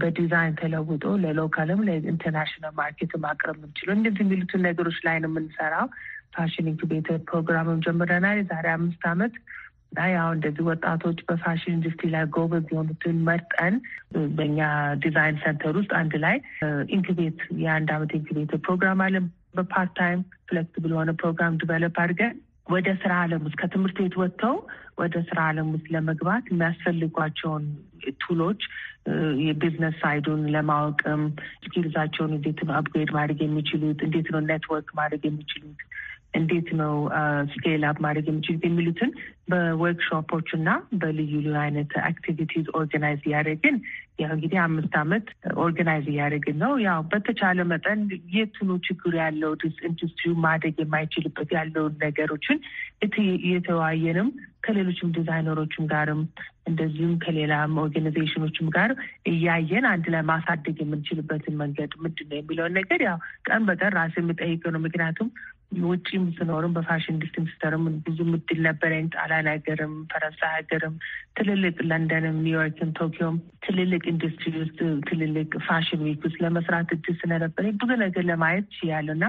በዲዛይን ተለውጦ ለሎካልም ለኢንተርናሽናል ማርኬት ማቅረብ የምንችለው እንደዚህ የሚሉትን ነገሮች ላይ ነው የምንሰራው። ፋሽን ኢንኩቤተር ፕሮግራምም ጀምረናል የዛሬ አምስት ዓመት እና ያው እንደዚህ ወጣቶች በፋሽን ኢንዱስትሪ ላይ ጎበዝ የሆኑትን መርጠን በእኛ ዲዛይን ሰንተር ውስጥ አንድ ላይ ኢንኩቤት የአንድ ዓመት ኢንኩቤተር ፕሮግራም አለን። በፓርት ታይም ፍሌክስብል የሆነ ፕሮግራም ዲቨሎፕ አድርገን ወደ ስራ አለም ውስጥ ከትምህርት ቤት ወጥተው ወደ ስራ አለም ውስጥ ለመግባት የሚያስፈልጓቸውን ቱሎች የቢዝነስ ሳይዱን ለማወቅም ስኪልዛቸውን እንዴት አፕግሬድ ማድረግ የሚችሉት እንዴት ነው ኔትወርክ ማድረግ የሚችሉት እንዴት ነው ስኬላብ ማድረግ የምችሉት የሚሉትን በወርክሾፖች እና በልዩ ልዩ አይነት አክቲቪቲዝ ኦርጋናይዝ እያደረግን ያው እንግዲህ አምስት አመት ኦርጋናይዝ እያደረግን ነው። ያው በተቻለ መጠን የትኑ ችግር ያለው ኢንዱስትሪው ማደግ የማይችልበት ያለውን ነገሮችን እየተወያየንም ከሌሎችም ዲዛይነሮችም ጋርም እንደዚሁም ከሌላም ኦርጋናይዜሽኖችም ጋር እያየን አንድ ላይ ማሳደግ የምንችልበትን መንገድ ምንድን ነው የሚለውን ነገር ያው ቀን በቀን ራሴ የምጠይቀው ነው። ምክንያቱም ውጭም ስኖርም በፋሽን ኢንዱስትሪ ስተርም ብዙ ምድል ነበረኝ። ጣሊያን ሀገርም፣ ፈረንሳይ ሀገርም፣ ትልልቅ ለንደንም፣ ኒውዮርክም፣ ቶኪዮም ትልልቅ ኢንዱስትሪ ውስጥ ትልልቅ ፋሽን ዊክ ውስጥ ለመስራት እድል ስለነበረኝ ብዙ ነገር ለማየት ችያለሁ እና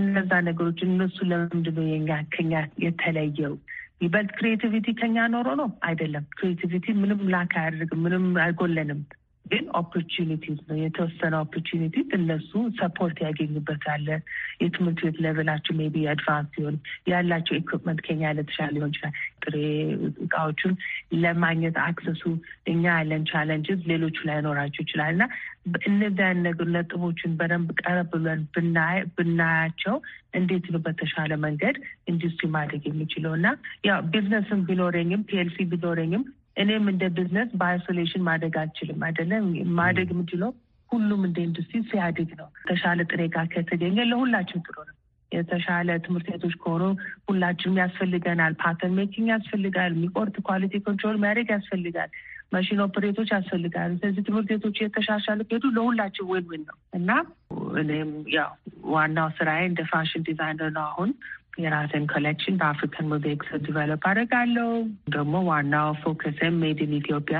እነዛ ነገሮች እነሱ ለምንድነው የኛ ከኛ የተለየው? ይበልጥ ክሬቲቪቲ ከኛ ኖሮ ነው አይደለም። ክሬቲቪቲ ምንም ላክ አያደርግም፣ ምንም አይጎለንም። ግን ኦፖርቹኒቲዝ ነው። የተወሰነ ኦፖርቹኒቲዝ እነሱ ሰፖርት ያገኙበት የትምህርት ቤት ሌቨላቸው ሜይ ቢ አድቫንስ ሲሆን ያላቸው ኢኩፕመንት ከኛ ለተሻለ ሊሆን ይችላል። ጥሬ እቃዎቹን ለማግኘት አክሰሱ እኛ ያለን ቻለንጅስ ሌሎቹ ላይኖራቸው ይችላል እና እነዚያን ነገር ነጥቦችን በደንብ ቀረብ ብለን ብናያቸው እንዴት ነው በተሻለ መንገድ ኢንዱስትሪ ማድረግ የሚችለው እና ያው ቢዝነስም ቢኖረኝም ፒኤልሲ ቢኖረኝም እኔም እንደ ቢዝነስ በአይሶሌሽን ማደግ አልችልም አይደለም። ማደግ የምችለው ሁሉም እንደ ኢንዱስትሪ ሲያድግ ነው። የተሻለ ጥሬ ጋር ከተገኘ ለሁላችን ጥሩ ነው። የተሻለ ትምህርት ቤቶች ከሆኑ ሁላችንም ያስፈልገናል። ፓተርን ሜኪንግ ያስፈልጋል። የሚቆርጥ ኳሊቲ ኮንትሮል ማድረግ ያስፈልጋል። መሽን ኦፕሬቶች ያስፈልጋል። ስለዚህ ትምህርት ቤቶች የተሻሻሉ ከሄዱ ለሁላችን ወይን ወይን ነው እና እኔም ያው ዋናው ስራዬ እንደ ፋሽን ዲዛይነር ነው። አሁን የራሴን ኮሌክሽን በአፍሪካን ሞዛይክስ ዲቨሎፕ አደርጋለሁ። ደግሞ ዋናው ፎከስም ሜድን ኢትዮጵያ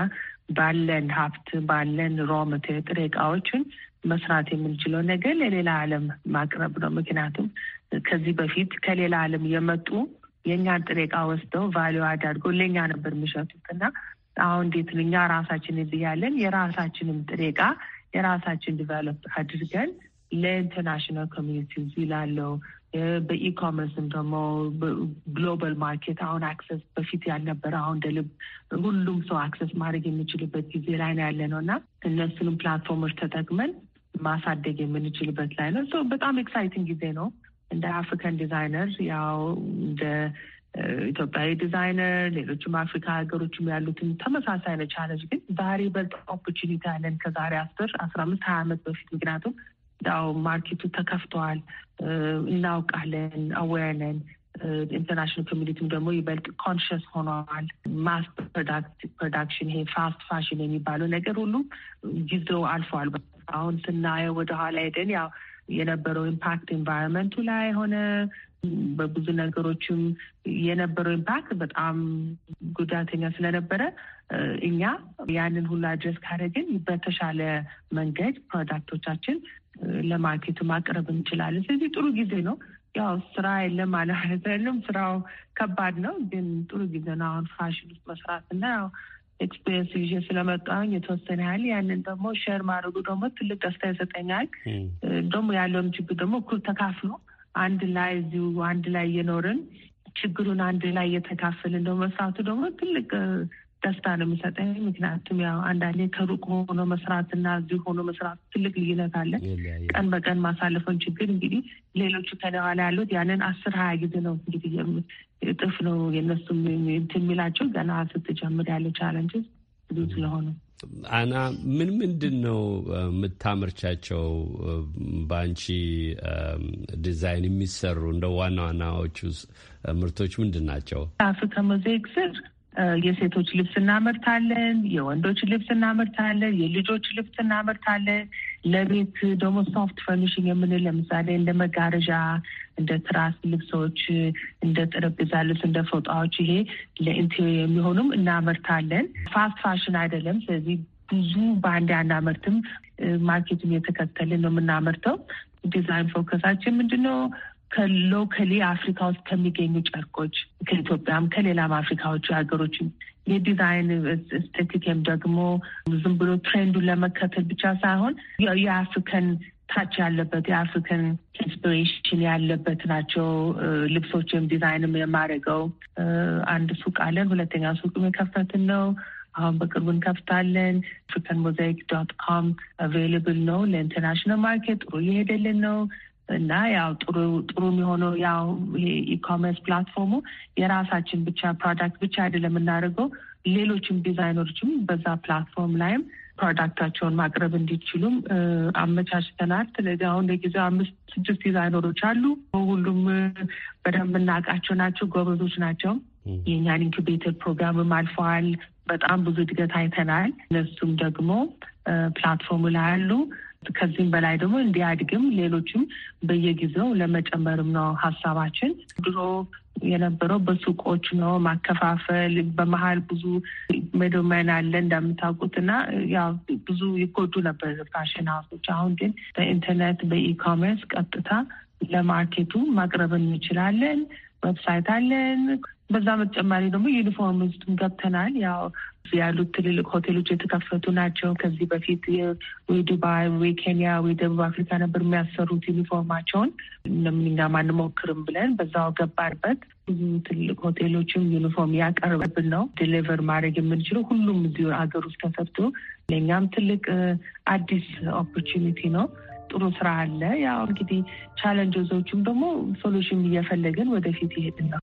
ባለን ሀብት ባለን ሮ ጥሬ እቃዎችን መስራት የምንችለው ነገር ለሌላ ዓለም ማቅረብ ነው። ምክንያቱም ከዚህ በፊት ከሌላ ዓለም የመጡ የእኛን ጥሬ እቃ ወስደው ቫሊዩ አዳድጎ ለእኛ ነበር የሚሸጡት እና አሁን እንዴት እኛ ራሳችን እያለን የራሳችንም ጥሬ እቃ የራሳችን ዲቨሎፕ አድርገን ለኢንተርናሽናል ኮሚኒቲ እዚህ ላለው በኢኮመርስም ደግሞ ግሎባል ማርኬት አሁን አክሰስ በፊት ያልነበረ አሁን ደልብ ሁሉም ሰው አክሰስ ማድረግ የሚችልበት ጊዜ ላይ ነው ያለ ነው እና እነሱንም ፕላትፎርሞች ተጠቅመን ማሳደግ የምንችልበት ላይ ነው። በጣም ኤክሳይቲንግ ጊዜ ነው። እንደ አፍሪካን ዲዛይነር ያው እንደ ኢትዮጵያዊ ዲዛይነር ሌሎችም አፍሪካ ሀገሮችም ያሉትን ተመሳሳይ ነው ቻለንጅ። ግን ዛሬ በልጥ ኦፖርቹኒቲ አለን ከዛሬ አስር አስራ አምስት ሀያ አመት በፊት ምክንያቱም ያው ማርኬቱ ተከፍተዋል እናውቃለን፣ አዌርነን ኢንተርናሽናል ኮሚኒቲም ደግሞ ይበልጥ ኮንሽስ ሆኗል። ማስ ፕሮዳክሽን ይሄ ፋስት ፋሽን የሚባለው ነገር ሁሉ ጊዜው አልፏል። አሁን ስናየው ወደኋላ ሄደን ያው የነበረው ኢምፓክት ኤንቫይሮንመንቱ ላይ ሆነ በብዙ ነገሮችም የነበረው ኢምፓክት በጣም ጉዳተኛ ስለነበረ እኛ ያንን ሁሉ አድረስ ካደረግን በተሻለ መንገድ ፕሮዳክቶቻችን ለማርኬቱ ማቅረብ እንችላለን። ስለዚህ ጥሩ ጊዜ ነው። ያው ስራ የለም አለለም፣ ስራው ከባድ ነው፣ ግን ጥሩ ጊዜ ነው። አሁን ፋሽን ውስጥ መስራት እና ኤክስፔሪንስ ይዤ ስለመጣሁኝ የተወሰነ ያህል ያንን ደግሞ ሼር ማድረጉ ደግሞ ትልቅ ደስታ ይሰጠኛል። ደግሞ ያለውን ችግር ደግሞ እኩል ተካፍሎ አንድ ላይ እዚሁ አንድ ላይ እየኖርን ችግሩን አንድ ላይ እየተካፈልን ነው መስራቱ ደግሞ ትልቅ ደስታ ነው የሚሰጠኝ። ምክንያቱም ያው አንዳንዴ ከሩቅ ሆኖ መስራት እና እዚሁ ሆኖ መስራት ትልቅ ልዩነት አለ። ቀን በቀን ማሳለፈውን ችግር እንግዲህ ሌሎቹ ከኋላ ያሉት ያንን አስር ሀያ ጊዜ ነው እንግዲህ እጥፍ ነው የነሱ እንትን የሚላቸው ገና ስትጀምር ያለ ቻለንጅ ብዙ ስለሆነ አና ምን ምንድን ነው የምታመርቻቸው በአንቺ ዲዛይን የሚሰሩ እንደ ዋና ዋናዎቹ ምርቶች ምንድን ናቸው? አፍሪካ ሞዛይክ ስር የሴቶች ልብስ እናመርታለን፣ የወንዶች ልብስ እናመርታለን፣ የልጆች ልብስ እናመርታለን፣ ለቤት ደግሞ ሶፍት ፈርኒሽንግ የምንል ለምሳሌ እንደ መጋረዣ፣ እንደ ትራስ ልብሶች፣ እንደ ጠረጴዛ ልብስ፣ እንደ ፎጣዎች ይሄ ለኢንቴሪየር የሚሆኑም እናመርታለን። ፋስት ፋሽን አይደለም። ስለዚህ ብዙ በአንድ አናመርትም። ማርኬቱን የተከተልን ነው የምናመርተው። ዲዛይን ፎከሳችን ምንድን ነው? ከሎከሊ አፍሪካ ውስጥ ከሚገኙ ጨርቆች ከኢትዮጵያም ከሌላም አፍሪካዎች ሀገሮች የዲዛይን ስቴቲክም ደግሞ ዝም ብሎ ትሬንዱን ለመከተል ብቻ ሳይሆን የአፍሪካን ታች ያለበት የአፍሪካን ኢንስፒሬሽን ያለበት ናቸው። ልብሶችም ዲዛይንም የማደርገው አንድ ሱቅ አለን። ሁለተኛ ሱቅ የከፈትን ነው። አሁን በቅርቡ እንከፍታለን። አፍሪካን ሞዛይክ ዶት ኮም አቬይላብል ነው። ለኢንተርናሽናል ማርኬት ጥሩ እየሄደልን ነው። እና ያው ጥሩ ጥሩ የሚሆነው ያው ይሄ ኢኮመርስ ፕላትፎርሙ የራሳችን ብቻ ፕሮዳክት ብቻ አይደለም የምናደርገው ሌሎችም ዲዛይነሮችም በዛ ፕላትፎርም ላይም ፕሮዳክታቸውን ማቅረብ እንዲችሉም አመቻችተናል። ስለዚህ አሁን ለጊዜው አምስት ስድስት ዲዛይነሮች አሉ። ሁሉም በደንብ እናውቃቸው ናቸው፣ ጎበዞች ናቸው። የእኛን ኢንኩቤተር ፕሮግራምም አልፈዋል። በጣም ብዙ እድገት አይተናል። እነሱም ደግሞ ፕላትፎርሙ ላይ አሉ። ከዚህም በላይ ደግሞ እንዲያድግም ሌሎችም በየጊዜው ለመጨመርም ነው ሀሳባችን። ድሮ የነበረው በሱቆች ነው ማከፋፈል። በመሀል ብዙ መዶመን አለ እንደምታውቁት እና ያው ብዙ ይጎዱ ነበር ፋሽን ሀውሶች። አሁን ግን በኢንተርኔት በኢኮሜርስ ቀጥታ ለማርኬቱ ማቅረብ እንችላለን። ዌብሳይት አለን። በዛ በተጨማሪ ደግሞ ዩኒፎርም ውስጥም ገብተናል። ያው ያሉት ትልልቅ ሆቴሎች የተከፈቱ ናቸው። ከዚህ በፊት ወይ ዱባይ ወይ ኬንያ ወይ ደቡብ አፍሪካ ነበር የሚያሰሩት ዩኒፎርማቸውን። ለምንኛም አንሞክርም ብለን በዛው ገባንበት። ብዙ ትልቅ ሆቴሎችም ዩኒፎርም ያቀርብብን ነው ዴሊቨር ማድረግ የምንችለው ሁሉም እዚሁ ሀገር ውስጥ ተሰርቶ ለእኛም ትልቅ አዲስ ኦፖርቹኒቲ ነው። ጥሩ ስራ አለ። ያው እንግዲህ ቻለንጆቹም ደግሞ ሶሉሽን እየፈለግን ወደፊት ይሄድን ነው።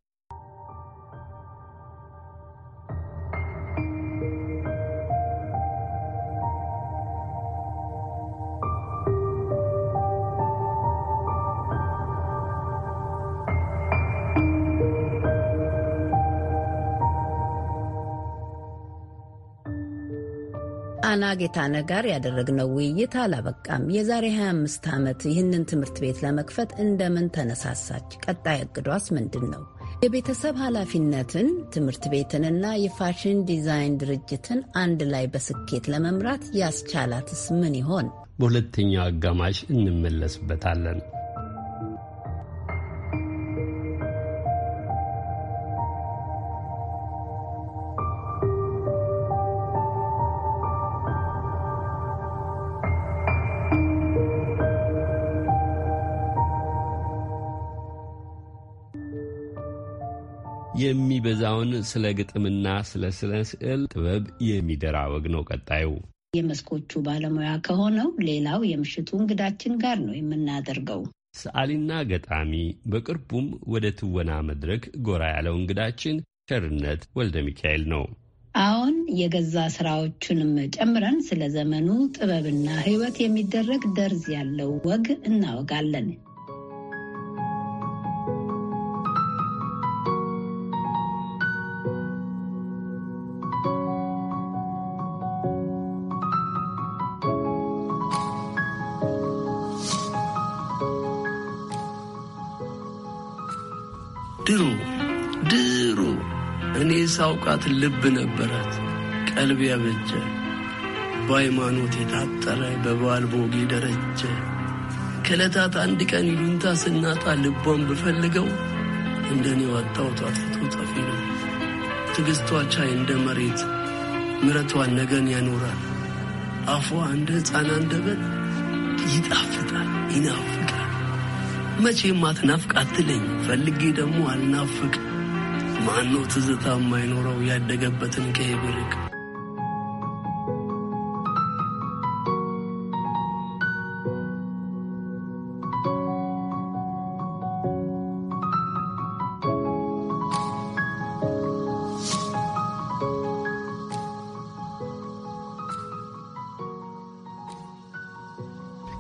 ከአና ጌታነህ ጋር ያደረግነው ውይይት አላበቃም። የዛሬ 25 ዓመት ይህንን ትምህርት ቤት ለመክፈት እንደምን ተነሳሳች? ቀጣይ እቅዷስ ምንድን ነው? የቤተሰብ ኃላፊነትን፣ ትምህርት ቤትንና የፋሽን ዲዛይን ድርጅትን አንድ ላይ በስኬት ለመምራት ያስቻላትስ ምን ይሆን? በሁለተኛው አጋማሽ እንመለስበታለን። የሚበዛውን ስለ ግጥምና ስለ ስለ ስዕል ጥበብ የሚደራ ወግ ነው ቀጣዩ። የመስኮቹ ባለሙያ ከሆነው ሌላው የምሽቱ እንግዳችን ጋር ነው የምናደርገው። ሰዓሊና ገጣሚ በቅርቡም ወደ ትወና መድረክ ጎራ ያለው እንግዳችን ቸርነት ወልደ ሚካኤል ነው። አሁን የገዛ ስራዎቹንም ጨምረን ስለ ዘመኑ ጥበብና ሕይወት የሚደረግ ደርዝ ያለው ወግ እናወጋለን። ሳውቃት ልብ ነበራት፣ ቀልብ ያበጀ፣ በሃይማኖት የታጠረ፣ በበዓል ቦጌ ደረጀ። ከዕለታት አንድ ቀን ይሉንታ ስናጣ ልቧን ብፈልገው እንደኔ እኔ ዋጣሁት ጠፊ ነው። ትዕግሥቷ ቻይ እንደ መሬት፣ ምረቷን ነገን ያኖራል። አፏ እንደ ሕፃን አንደበት ይጣፍጣል፣ ይናፍቃል። መቼም አትናፍቅ አትለኝ ፈልጌ ደግሞ አልናፍቅም። ማነው ትዝታ የማይኖረው ያደገበትን ከይብርቅ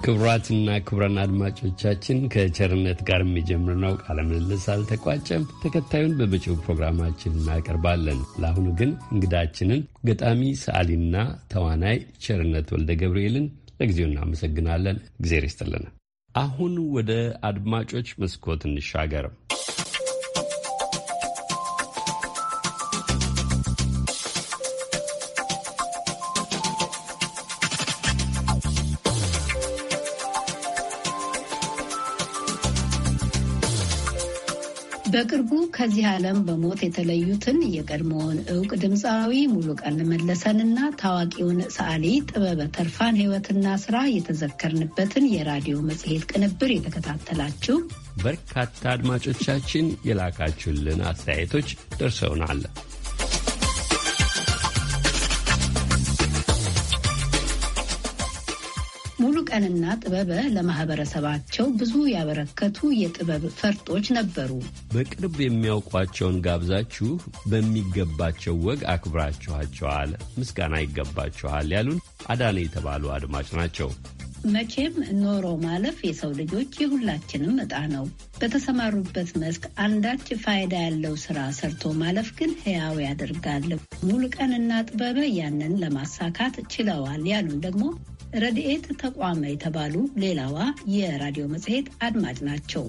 ክቡራትና ክቡራን አድማጮቻችን ከቸርነት ጋር የሚጀምር ነው ቃለ ምልልስ አልተቋጨም። ተከታዩን በመጪው ፕሮግራማችን እናቀርባለን። ለአሁኑ ግን እንግዳችንን ገጣሚ ሰዓሊና ተዋናይ ቸርነት ወልደ ገብርኤልን ለጊዜው እናመሰግናለን። እግዜር ይስጥልን። አሁን ወደ አድማጮች መስኮት እንሻገርም። በቅርቡ ከዚህ ዓለም በሞት የተለዩትን የቀድሞውን እውቅ ድምፃዊ ሙሉቀን መለሰንና ታዋቂውን ሰዓሊ ጥበበ ተርፋን ሕይወትና ስራ የተዘከርንበትን የራዲዮ መጽሔት ቅንብር የተከታተላችሁ በርካታ አድማጮቻችን የላካችሁልን አስተያየቶች ደርሰውናል። ቀንና ጥበበ ለማህበረሰባቸው ብዙ ያበረከቱ የጥበብ ፈርጦች ነበሩ። በቅርብ የሚያውቋቸውን ጋብዛችሁ በሚገባቸው ወግ አክብራችኋቸዋል፣ ምስጋና ይገባችኋል ያሉን አዳነ የተባሉ አድማጭ ናቸው። መቼም ኖሮ ማለፍ የሰው ልጆች የሁላችንም እጣ ነው። በተሰማሩበት መስክ አንዳች ፋይዳ ያለው ስራ ሰርቶ ማለፍ ግን ህያው ያደርጋል። ሙሉ ቀንና ጥበበ ያንን ለማሳካት ችለዋል ያሉን ደግሞ ረድኤት ተቋመ የተባሉ ሌላዋ የራዲዮ መጽሔት አድማጭ ናቸው።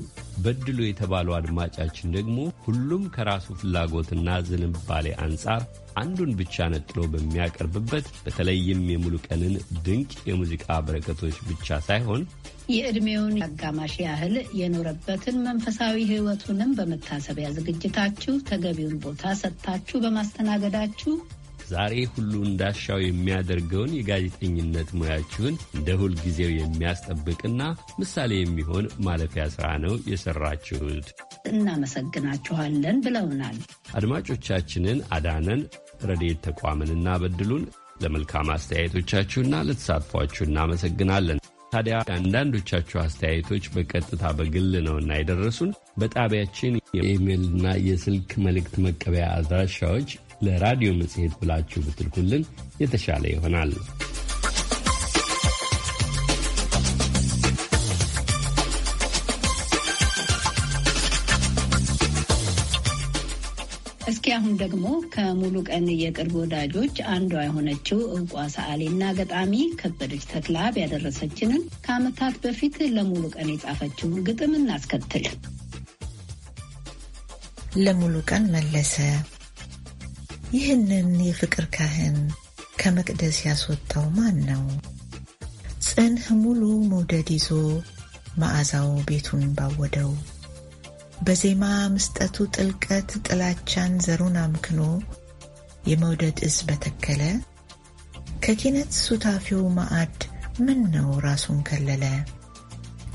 በድሉ የተባሉ አድማጫችን ደግሞ ሁሉም ከራሱ ፍላጎትና ዝንባሌ አንጻር አንዱን ብቻ ነጥሎ በሚያቀርብበት በተለይም የሙሉ ቀንን ድንቅ የሙዚቃ በረከቶች ብቻ ሳይሆን የዕድሜውን አጋማሽ ያህል የኖረበትን መንፈሳዊ ሕይወቱንም በመታሰቢያ ዝግጅታችሁ ተገቢውን ቦታ ሰጥታችሁ በማስተናገዳችሁ ዛሬ ሁሉ እንዳሻው የሚያደርገውን የጋዜጠኝነት ሙያችሁን እንደ ሁልጊዜው የሚያስጠብቅና ምሳሌ የሚሆን ማለፊያ ሥራ ነው የሠራችሁት፣ እናመሰግናችኋለን ብለውናል። አድማጮቻችንን አዳነን፣ ረድኤት ተቋምንና በድሉን ለመልካም አስተያየቶቻችሁና ለተሳትፏችሁ እናመሰግናለን። ታዲያ አንዳንዶቻችሁ አስተያየቶች በቀጥታ በግል ነውና የደረሱን በጣቢያችን ና የስልክ መልእክት መቀበያ አድራሻዎች ለራዲዮ መጽሔት ብላችሁ ብትልኩልን የተሻለ ይሆናል። እስኪ አሁን ደግሞ ከሙሉ ቀን የቅርብ ወዳጆች አንዷ የሆነችው እውቋ ሰዓሊና ገጣሚ ከበደች ተክላብ ያደረሰችንን ከዓመታት በፊት ለሙሉ ቀን የጻፈችውን ግጥም እናስከትል። ለሙሉ ቀን መለሰ ይህንን የፍቅር ካህን ከመቅደስ ያስወጣው ማን ነው? ጽንህ ሙሉ መውደድ ይዞ መዓዛው ቤቱን ባወደው በዜማ ምስጠቱ ጥልቀት ጥላቻን ዘሩን አምክኖ የመውደድ እዝ በተከለ ከኪነት ሱታፊው ማዕድ ምን ነው ራሱን ከለለ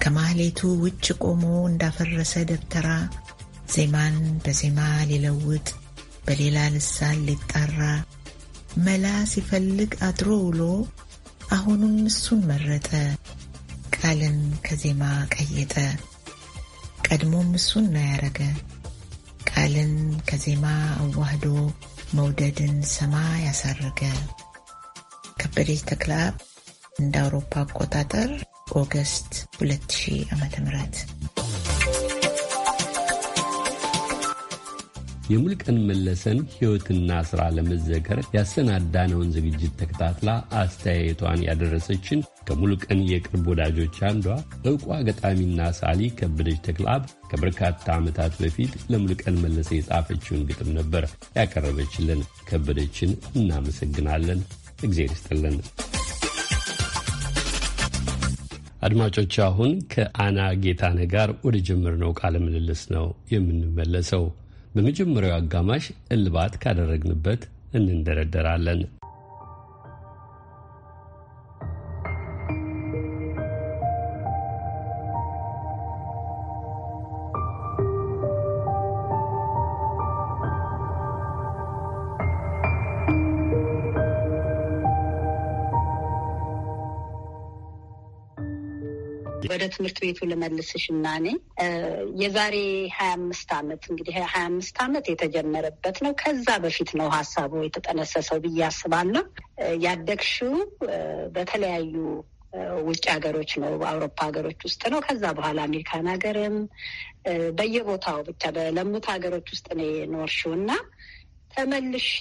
ከማህሌቱ ውጭ ቆሞ እንዳፈረሰ ደብተራ ዜማን በዜማ ሊለውጥ በሌላ ልሳን ሊጣራ መላ ሲፈልግ አድሮ ውሎ አሁኑም እሱን መረጠ ቃልን ከዜማ ቀየጠ። ቀድሞም እሱን ነው ያረገ። ቃልን ከዜማ አዋህዶ መውደድን ሰማ ያሳረገ ከበደች ተክላ እንደ አውሮፓ አቆጣጠር ኦገስት 2000 ም የሙልቀን መለሰን ሕይወትና ሥራ ለመዘከር ያሰናዳነውን ዝግጅት ተከታትላ አስተያየቷን ያደረሰችን ከሙልቀን የቅርብ ወዳጆች አንዷ ዕውቋ ገጣሚና ሳሊ ከበደች ተክላብ ከበርካታ ዓመታት በፊት ለሙልቀን መለሰ የጻፈችውን ግጥም ነበር ያቀረበችልን። ከበደችን እናመሰግናለን። እግዜር ይስጥልን። አድማጮች አሁን ከአና ጌታ ጋር ወደ ጀመርነው ቃለ ምልልስ ነው የምንመለሰው። በመጀመሪያው አጋማሽ እልባት ካደረግንበት እንንደረደራለን። ትምህርት ቤቱ ልመልስሽ እና እኔ የዛሬ ሀያ አምስት አመት እንግዲህ ሀያ አምስት አመት የተጀመረበት ነው። ከዛ በፊት ነው ሀሳቡ የተጠነሰሰው ብዬ አስባለሁ። ያደግሽው በተለያዩ ውጭ ሀገሮች ነው፣ በአውሮፓ ሀገሮች ውስጥ ነው። ከዛ በኋላ አሜሪካን ሀገርም በየቦታው ብቻ በለሙት ሀገሮች ውስጥ ነው የኖርሽው እና ተመልሼ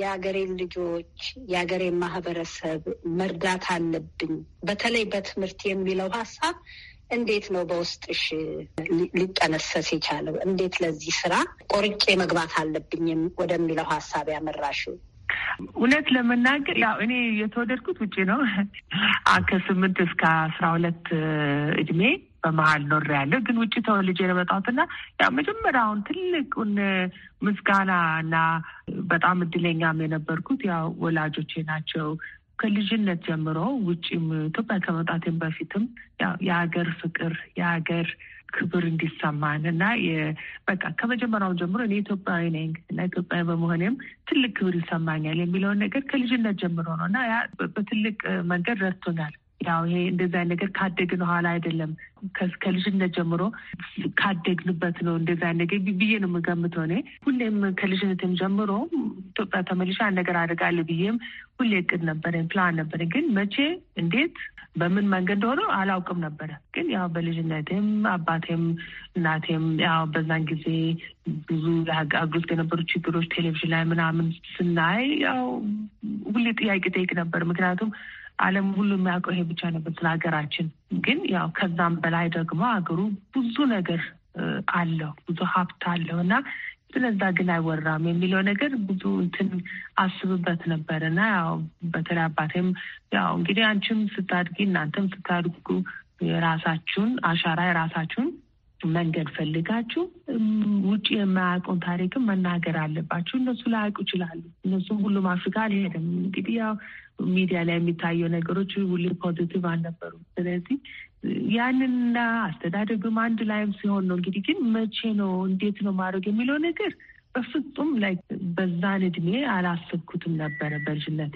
የአገሬን ልጆች የአገሬን ማህበረሰብ መርዳት አለብኝ፣ በተለይ በትምህርት የሚለው ሀሳብ እንዴት ነው በውስጥሽ ሊጠነሰስ የቻለው? እንዴት ለዚህ ስራ ቆርጬ መግባት አለብኝ ወደሚለው ሀሳብ ያመራሽው? እውነት ለመናገር ያው እኔ የተወደድኩት ውጭ ነው። ከስምንት እስከ አስራ ሁለት እድሜ በመሀል ኖር ያለው ግን ውጭ ተወልጄ ነው የመጣሁትና ያው መጀመሪያውን ትልቁን ምስጋና እና በጣም እድለኛም የነበርኩት ያው ወላጆቼ ናቸው። ከልጅነት ጀምሮ ውጭም ኢትዮጵያ ከመጣቴም በፊትም የሀገር ፍቅር የሀገር ክብር እንዲሰማን እና በቃ ከመጀመሪያው ጀምሮ እኔ ኢትዮጵያዊ ነኝ እና ኢትዮጵያዊ በመሆንም ትልቅ ክብር ይሰማኛል የሚለውን ነገር ከልጅነት ጀምሮ ነው እና ያ በትልቅ መንገድ ረድቶኛል። ያው ይሄ እንደዚህ አይነት ነገር ካደግን ኋላ አይደለም ከልጅነት ጀምሮ ካደግንበት ነው እንደዚህ አይነት ነገር ብዬ ነው የምገምተው። እኔ ሁሌም ከልጅነትም ጀምሮ ኢትዮጵያ ተመልሼ አንድ ነገር አደርጋለሁ ብዬም ሁሌ እቅድ ነበረኝ፣ ፕላን ነበረኝ። ግን መቼ፣ እንዴት፣ በምን መንገድ እንደሆነ አላውቅም ነበረ። ግን ያው በልጅነትም አባቴም እናቴም ያው በዛን ጊዜ ብዙ ውስጥ የነበሩ ችግሮች ቴሌቪዥን ላይ ምናምን ስናይ ያው ሁሌ ጥያቄ ጠይቅ ነበር ምክንያቱም ዓለም ሁሉ የሚያውቀው ይሄ ብቻ ነበር ስለ ሀገራችን። ግን ያው ከዛም በላይ ደግሞ ሀገሩ ብዙ ነገር አለው፣ ብዙ ሀብት አለው እና ስለዛ ግን አይወራም የሚለው ነገር ብዙ እንትን አስብበት ነበር እና ያው በተለይ አባቴም ያው እንግዲህ አንቺም ስታድጊ እናንተም ስታድጉ የራሳችሁን አሻራ የራሳችሁን መንገድ ፈልጋችሁ ውጭ የማያውቀውን ታሪክም መናገር አለባችሁ። እነሱ ላያውቁ ይችላሉ። እነሱም ሁሉም አፍሪካ አልሄደም። እንግዲህ ያው ሚዲያ ላይ የሚታየው ነገሮች ሁሉ ፖዚቲቭ አልነበሩም። ስለዚህ ያንንና አስተዳደግም አንድ ላይም ሲሆን ነው እንግዲህ ግን መቼ ነው እንዴት ነው ማድረግ የሚለው ነገር በፍጹም ላይ በዛን እድሜ አላሰብኩትም ነበረ በልጅነቴ።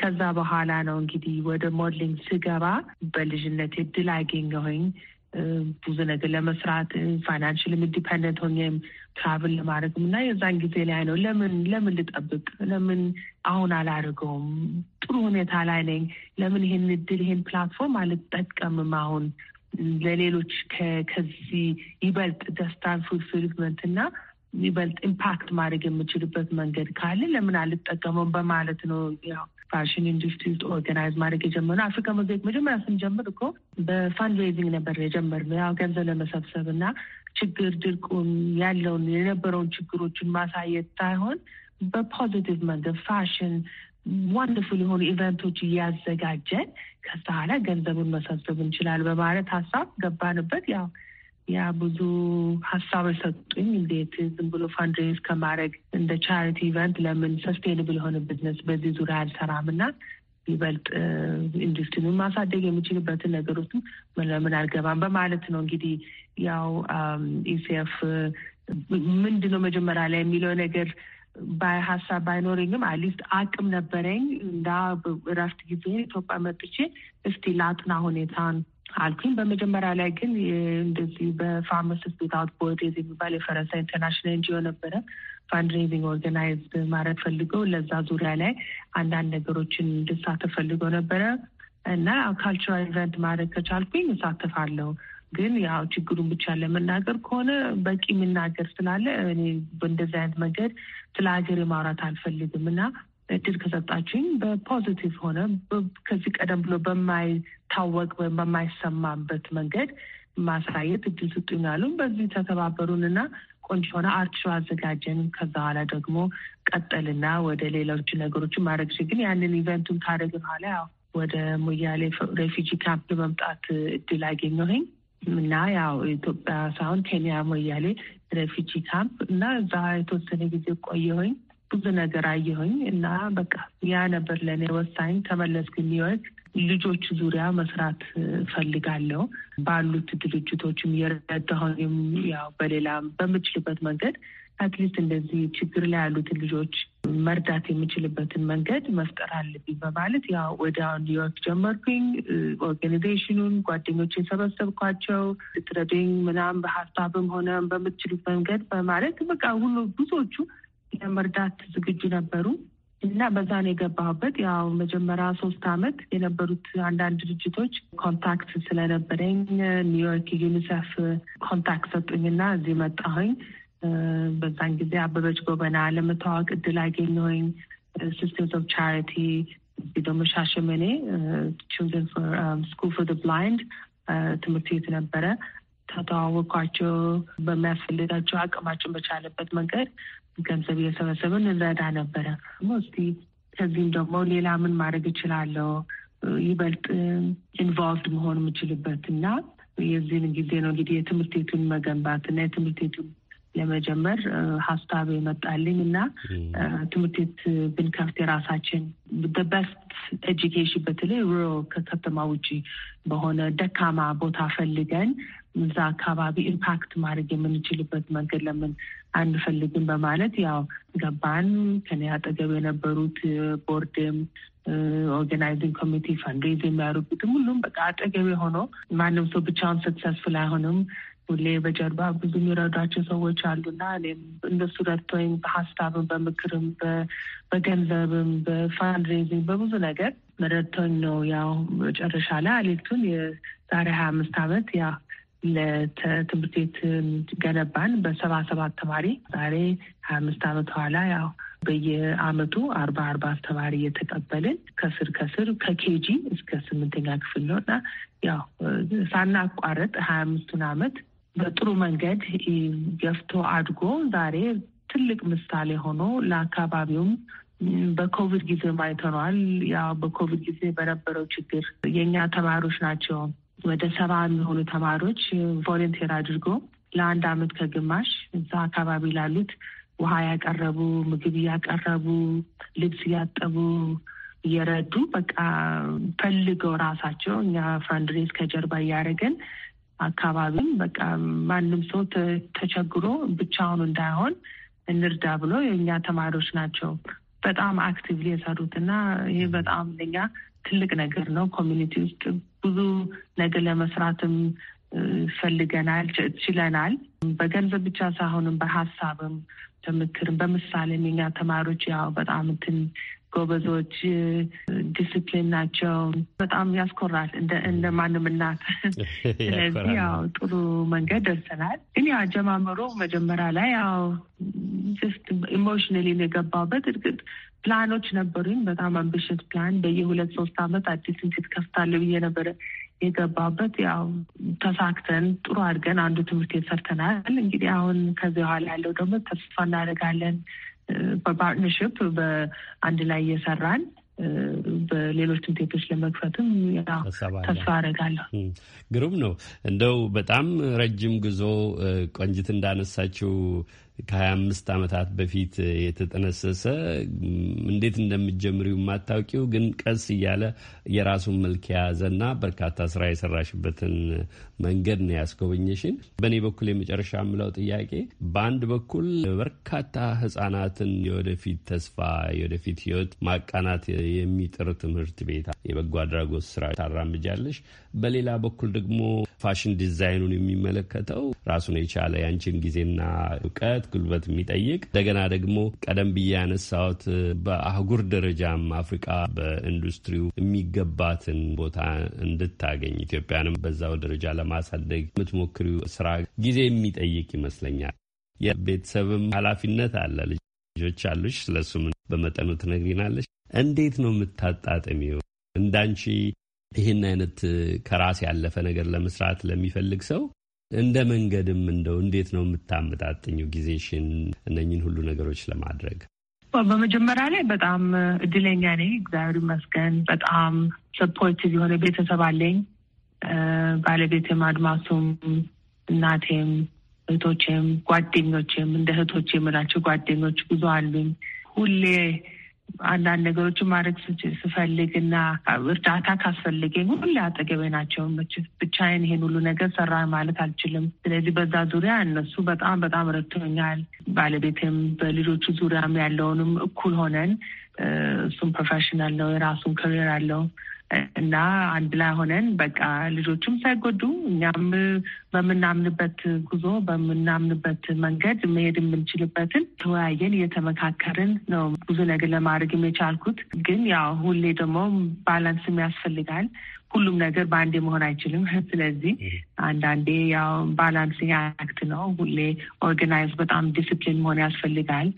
ከዛ በኋላ ነው እንግዲህ ወደ ሞድሊንግ ስገባ በልጅነቴ እድል አገኘሁኝ ብዙ ነገር ለመስራት ፋይናንሽል ኢንዲፐንደንት ሆኜም ትራቭል ለማድረግም እና የዛን ጊዜ ላይ ነው ለምን ለምን ልጠብቅ ለምን አሁን አላደርገውም ጥሩ ሁኔታ ላይ ነኝ ለምን ይሄን እድል ይሄን ፕላትፎርም አልጠቀምም አሁን ለሌሎች ከዚህ ይበልጥ ደስታን ፉልፊልመንት እና ይበልጥ ኢምፓክት ማድረግ የምችልበት መንገድ ካለ ለምን አልጠቀመውም በማለት ነው ያው ፋሽን ኢንዱስትሪ ውስጥ ኦርጋናይዝ ማድረግ የጀመርነው። አፍሪካ መድረክ መጀመሪያ ስንጀምር እኮ በፋንድሬዚንግ ነበር የጀመርነው ያው ገንዘብ ለመሰብሰብ እና ችግር ድርቁን ያለውን የነበረውን ችግሮችን ማሳየት ሳይሆን በፖዚቲቭ መንገድ ፋሽን ዋንደፉል የሆኑ ኢቨንቶች እያዘጋጀን ከዛ በኋላ ገንዘቡን መሰብሰብ እንችላል በማለት ሀሳብ ገባንበት። ያው ያ ብዙ ሀሳብ ሰጡኝ። እንዴት ዝም ብሎ ፋንድሬዝ ከማድረግ እንደ ቻሪቲ ኢቨንት ለምን ሰስቴንብል የሆነ ቢዝነስ በዚህ ዙሪያ አልሰራም እና ይበልጥ ኢንዱስትሪውን ማሳደግ የሚችልበትን ነገሮች ለምን አልገባም በማለት ነው እንግዲህ ያው ኢሲኤፍ um, e ምንድን ነው መጀመሪያ ላይ የሚለው ነገር ሀሳብ ባይኖረኝም አትሊስት አቅም ነበረኝ እንዳ እረፍት ጊዜ ኢትዮጵያ መጥቼ እስቲ ላጥና ሁኔታን አልኩኝ። በመጀመሪያ ላይ ግን እንደዚህ በፋርማሲስት ዊዝአውት ቦርደርስ የሚባል የፈረንሳይ ኢንተርናሽናል ኤንጂኦ ነበረ ፋንድሬዚንግ ኦርጋናይዝ ማድረግ ፈልገው ለዛ ዙሪያ ላይ አንዳንድ ነገሮችን እንድሳተፍ ፈልገው ነበረ እና ካልቸራል ኢቨንት ማድረግ ከቻልኩኝ እሳተፋለሁ ግን ያው ችግሩን ብቻ ለመናገር ከሆነ በቂ የምናገር ስላለ እኔ በእንደዚህ አይነት መንገድ ስለ ሀገር ማውራት አልፈልግም እና እድል ከሰጣችሁኝ በፖዚቲቭ ሆነ ከዚህ ቀደም ብሎ በማይታወቅ ወይም በማይሰማበት መንገድ ማሳየት እድል ስጡኝ በዚህ ተተባበሩን እና ቆንጆ ሆነ አርት ሾው አዘጋጀን። ከዛ በኋላ ደግሞ ቀጠልና ወደ ሌሎች ነገሮችን ማድረግ ሲ ግን ያንን ኢቨንቱን ካደረግ በኋላ ያው ወደ ሙያሌ ሬፊጂ ካምፕ መምጣት እድል አገኘሁኝ። እና ያው ኢትዮጵያ ሳይሆን ኬንያ ሞያሌ ሬፊጂ ካምፕ እና እዛ የተወሰነ ጊዜ ቆየሁኝ። ብዙ ነገር አየሁኝ እና በቃ ያ ነበር ለእኔ ወሳኝ። ተመለስኩኝ ኒውዮርክ። ልጆች ዙሪያ መስራት ፈልጋለሁ ባሉት ድርጅቶችም የረዳሁኝም ያው በሌላም በምችልበት መንገድ አትሊስት እንደዚህ ችግር ላይ ያሉትን ልጆች መርዳት የምችልበትን መንገድ መፍጠር አለብኝ በማለት ያ ወደ ኒውዮርክ ጀመርኩኝ። ኦርጋኒዜሽኑን ጓደኞችን ሰበሰብኳቸው። ልትረዱኝ ምናምን በሀሳብም ሆነ በምትችሉት መንገድ በማለት በቃ ሁሉ ብዙዎቹ ለመርዳት ዝግጁ ነበሩ እና በዛ የገባሁበት። ያው መጀመሪያ ሶስት አመት የነበሩት አንዳንድ ድርጅቶች ኮንታክት ስለነበረኝ ኒውዮርክ ዩኒሴፍ ኮንታክት ሰጡኝና እዚህ መጣሁኝ። በዛን ጊዜ አበበች ጎበና ለመታወቅ እድል አገኘሁኝ። ሲስተምስ ኦፍ ቻሪቲ እዚህ ደግሞ ሻሸመኔ ችልድረን ስኩል ፎር ብላይንድ ትምህርት ቤት ነበረ። ተተዋወቅኳቸው። በሚያስፈልጋቸው አቅማችን በቻለበት መንገድ ገንዘብ እየሰበሰብን እንረዳ ነበረ። እስቲ ከዚህም ደግሞ ሌላ ምን ማድረግ እችላለሁ ይበልጥ ኢንቮልቭድ መሆን የምችልበት እና የዚህን ጊዜ ነው እንግዲህ የትምህርት ቤቱን መገንባት እና የትምህርት ቤቱን ለመጀመር ሀሳብ የመጣልኝ እና ትምህርት ቤት ብንከፍት የራሳችን በበስት ኤጁኬሽን በተለይ ሮ ከከተማ ውጪ በሆነ ደካማ ቦታ ፈልገን እዛ አካባቢ ኢምፓክት ማድረግ የምንችልበት መንገድ ለምን አንፈልግም በማለት ያው ገባን። ከኔ አጠገብ የነበሩት ቦርድም ኦርጋናይዚንግ ኮሚቴ ፈንድሬዝ የሚያደርጉትም ሁሉም በቃ አጠገብ የሆነው ማንም ሰው ብቻውን ሰክሰስፉል አይሆንም ሁሌ በጀርባ ብዙ የሚረዷቸው ሰዎች አሉና እኔም እንደሱ ረድቶኝ በሀሳብም፣ በምክርም፣ በገንዘብም፣ በፋንድሬዚንግ በብዙ ነገር መረድቶኝ ነው ያው መጨረሻ ላይ አሌክቱን የዛሬ ሀያ አምስት ዓመት ያ ለትምህርት ቤት ገነባን በሰባ ሰባት ተማሪ ዛሬ ሀያ አምስት ዓመት በኋላ ያው በየአመቱ አርባ አርባ አስተማሪ እየተቀበልን ከስር ከስር ከኬጂ እስከ ስምንተኛ ክፍል ነው እና ያው ሳናቋረጥ ሀያ አምስቱን ዓመት በጥሩ መንገድ ገፍቶ አድጎ ዛሬ ትልቅ ምሳሌ ሆኖ ለአካባቢውም በኮቪድ ጊዜ አይተነዋል። ያው በኮቪድ ጊዜ በነበረው ችግር የእኛ ተማሪዎች ናቸው ወደ ሰባ የሚሆኑ ተማሪዎች ቮለንቴር አድርጎ ለአንድ አመት ከግማሽ እዛ አካባቢ ላሉት ውሃ ያቀረቡ፣ ምግብ እያቀረቡ፣ ልብስ እያጠቡ እየረዱ በቃ ፈልገው ራሳቸው እኛ ፈንድሬዝ ከጀርባ እያደረገን አካባቢም በቃ ማንም ሰው ተቸግሮ ብቻውን እንዳይሆን እንርዳ ብሎ የእኛ ተማሪዎች ናቸው በጣም አክቲቭሊ የሰሩት እና ይሄ በጣም ለኛ ትልቅ ነገር ነው። ኮሚኒቲ ውስጥ ብዙ ነገር ለመስራትም ፈልገናል፣ ችለናል። በገንዘብ ብቻ ሳይሆንም በሀሳብም፣ በምክርም፣ በምሳሌም የኛ ተማሪዎች ያው በጣም እንትን ጎበዞች፣ ዲስፕሊን ናቸው። በጣም ያስኮራል እንደ ማንም እናት። ስለዚህ ያው ጥሩ መንገድ ደርሰናል። ግን ያ አጀማመሮ መጀመሪያ ላይ ያው ጀስት ኢሞሽናሊ የገባበት። እርግጥ ፕላኖች ነበሩኝ፣ በጣም አምቢሽት ፕላን በየሁለት ሶስት አመት አዲስ እንግት ከፍታለሁ ብዬ ነበረ የገባበት ያው ተሳክተን ጥሩ አድርገን አንዱ ትምህርት ቤት ሰርተናል። እንግዲህ አሁን ከዚህ በኋላ ያለው ደግሞ ተስፋ እናደርጋለን በፓርትነርሽፕ በአንድ ላይ እየሰራን በሌሎችም ቴቶች ለመክፈትም ተስፋ አደርጋለሁ። ግሩም ነው። እንደው በጣም ረጅም ጉዞ ቆንጅት እንዳነሳችው ከ25 ዓመታት በፊት የተጠነሰሰ እንዴት እንደምትጀምሪው የማታውቂው ግን ቀስ እያለ የራሱን መልክ የያዘና በርካታ ስራ የሰራሽበትን መንገድ ነው ያስጎበኘሽን። በእኔ በኩል የመጨረሻ የምለው ጥያቄ በአንድ በኩል በርካታ ህጻናትን የወደፊት ተስፋ የወደፊት ህይወት ማቃናት የሚጥር ትምህርት ቤት የበጎ አድራጎት ስራ ታራምጃለሽ። በሌላ በኩል ደግሞ ፋሽን ዲዛይኑን የሚመለከተው ራሱን የቻለ ያንቺን ጊዜና እውቀት ጉልበት የሚጠይቅ እንደገና ደግሞ ቀደም ብዬ ያነሳሁት በአህጉር ደረጃም አፍሪቃ በኢንዱስትሪው የሚገባትን ቦታ እንድታገኝ ኢትዮጵያንም በዛው ደረጃ ለማሳደግ የምትሞክሪው ስራ ጊዜ የሚጠይቅ ይመስለኛል። የቤተሰብም ኃላፊነት አለ። ልጆች አሉሽ። ስለሱም በመጠኑ ትነግሪናለሽ። እንዴት ነው የምታጣጥሚው? እንዳንቺ ይህን አይነት ከራስ ያለፈ ነገር ለመስራት ለሚፈልግ ሰው እንደ መንገድም እንደው እንዴት ነው የምታመጣጥኙ ጊዜሽን እነኝን ሁሉ ነገሮች ለማድረግ? በመጀመሪያ ላይ በጣም እድለኛ ነኝ፣ እግዚአብሔር ይመስገን። በጣም ሰፖርቲቭ የሆነ ቤተሰብ አለኝ። ባለቤቴም፣ አድማሱም፣ እናቴም፣ እህቶቼም፣ ጓደኞቼም እንደ እህቶቼ የምላቸው ጓደኞች ብዙ አሉኝ። ሁሌ አንዳንድ ነገሮችን ማድረግ ስፈልግ እና እርዳታ ካስፈልገኝ ሁሌ አጠገቤ ናቸው። ብቻዬን ይሄን ሁሉ ነገር ሰራ ማለት አልችልም። ስለዚህ በዛ ዙሪያ እነሱ በጣም በጣም ረድቶኛል። ባለቤትም በልጆቹ ዙሪያም ያለውንም እኩል ሆነን እሱም ፕሮፌሽናል ነው፣ የራሱን ከሪየር አለው እና አንድ ላይ ሆነን በቃ ልጆቹም ሳይጎዱ እኛም በምናምንበት ጉዞ በምናምንበት መንገድ መሄድ የምንችልበትን ተወያየን፣ እየተመካከርን ነው ብዙ ነገር ለማድረግ የቻልኩት። ግን ያው ሁሌ ደግሞ ባላንስም ያስፈልጋል። ሁሉም ነገር በአንዴ መሆን አይችልም። ስለዚህ አንዳንዴ ያው ባላንሲንግ አክት ነው። ሁሌ ኦርጋናይዝ በጣም ዲስፕሊን መሆን ያስፈልጋል።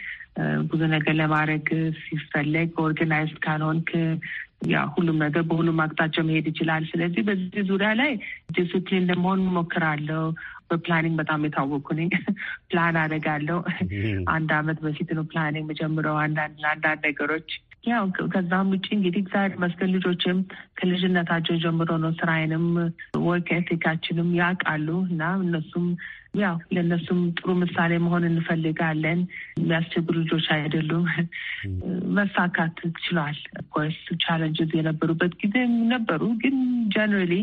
ብዙ ነገር ለማድረግ ሲፈለግ ኦርጋናይዝ ካልሆንክ ያ ሁሉም ነገር በሁሉም አቅጣጫ መሄድ ይችላል። ስለዚህ በዚህ ዙሪያ ላይ ዲስፕሊን ለመሆን ሞክራለሁ። በፕላኒንግ በጣም የታወቅኩ ነኝ። ፕላን አደርጋለሁ። አንድ አመት በፊት ነው ፕላኒንግ መጀምረው አንዳንድ ለአንዳንድ ነገሮች ያው ከዛም ውጭ እንግዲህ እግዚአብሔር ይመስገን ልጆችም ከልጅነታቸው ጀምሮ ነው ስራዬንም ወርክ ኤቲካችንም ያውቃሉ እና እነሱም ያው ለእነሱም ጥሩ ምሳሌ መሆን እንፈልጋለን። የሚያስቸግሩ ልጆች አይደሉም። መሳካት ችሏል። ኮርስ ቻለንጅዝ የነበሩበት ጊዜ ነበሩ፣ ግን ጀነራሊ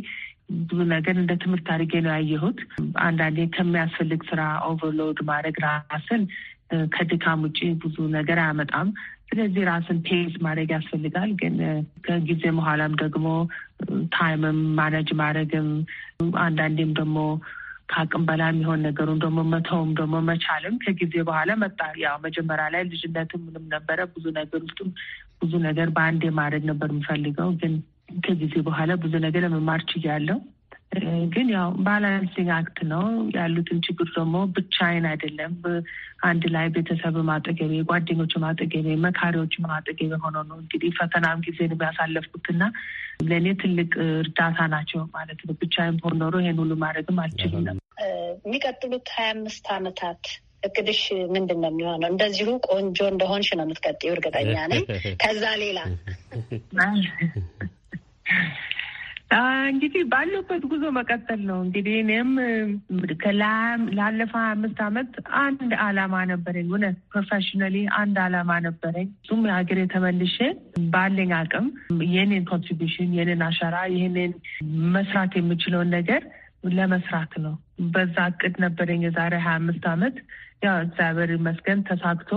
ብዙ ነገር እንደ ትምህርት አድርጌ ነው ያየሁት። አንዳንዴ ከሚያስፈልግ ስራ ኦቨርሎድ ማድረግ ራስን ከድካም ውጭ ብዙ ነገር አያመጣም። ስለዚህ ራስን ፔስ ማድረግ ያስፈልጋል። ግን ከጊዜ በኋላም ደግሞ ታይምም ማነጅ ማድረግም አንዳንዴም ደግሞ ከአቅም በላይ የሚሆን ነገሩን ደግሞ መተውም ደግሞ መቻልም ከጊዜ በኋላ መጣ። ያው መጀመሪያ ላይ ልጅነትም ምንም ነበረ ብዙ ነገር ውስጥም ብዙ ነገር በአንዴ ማድረግ ነበር የምፈልገው። ግን ከጊዜ በኋላ ብዙ ነገር ለመማር ችያለሁ። ግን ያው ባላንሲንግ አክት ነው ያሉትን ችግር ደግሞ ብቻዬን አይደለም አንድ ላይ ቤተሰብ ማጠገቤ፣ ጓደኞች ማጠገቤ፣ መካሪዎች ማጠገቤ ሆኖ ነው እንግዲህ ፈተናም ጊዜ ያሳለፍኩትና ለእኔ ትልቅ እርዳታ ናቸው ማለት ነው። ብቻዬን ብሆን ኖሮ ይሄን ሁሉ ማድረግም አልችልም የሚቀጥሉት ሀያ አምስት አመታት እቅድሽ ምንድን ነው የሚሆነው? እንደዚሁ ቆንጆ እንደሆንሽ ነው የምትቀጥይው እርግጠኛ ነኝ። ከዛ ሌላ እንግዲህ ባለበት ጉዞ መቀጠል ነው። እንግዲህ እኔም ላለፈ አምስት አመት አንድ አላማ ነበረኝ። እውነት ፕሮፌሽናሊ አንድ አላማ ነበረኝ። እሱም የሀገሬ ተመልሼ ባለኝ አቅም የኔን ኮንትሪቢሽን፣ የኔን አሻራ፣ ይህንን መስራት የምችለውን ነገር ለመስራት ነው። በዛ እቅድ ነበረኝ የዛሬ ሀያ አምስት አመት ያው እግዚአብሔር ይመስገን ተሳክቶ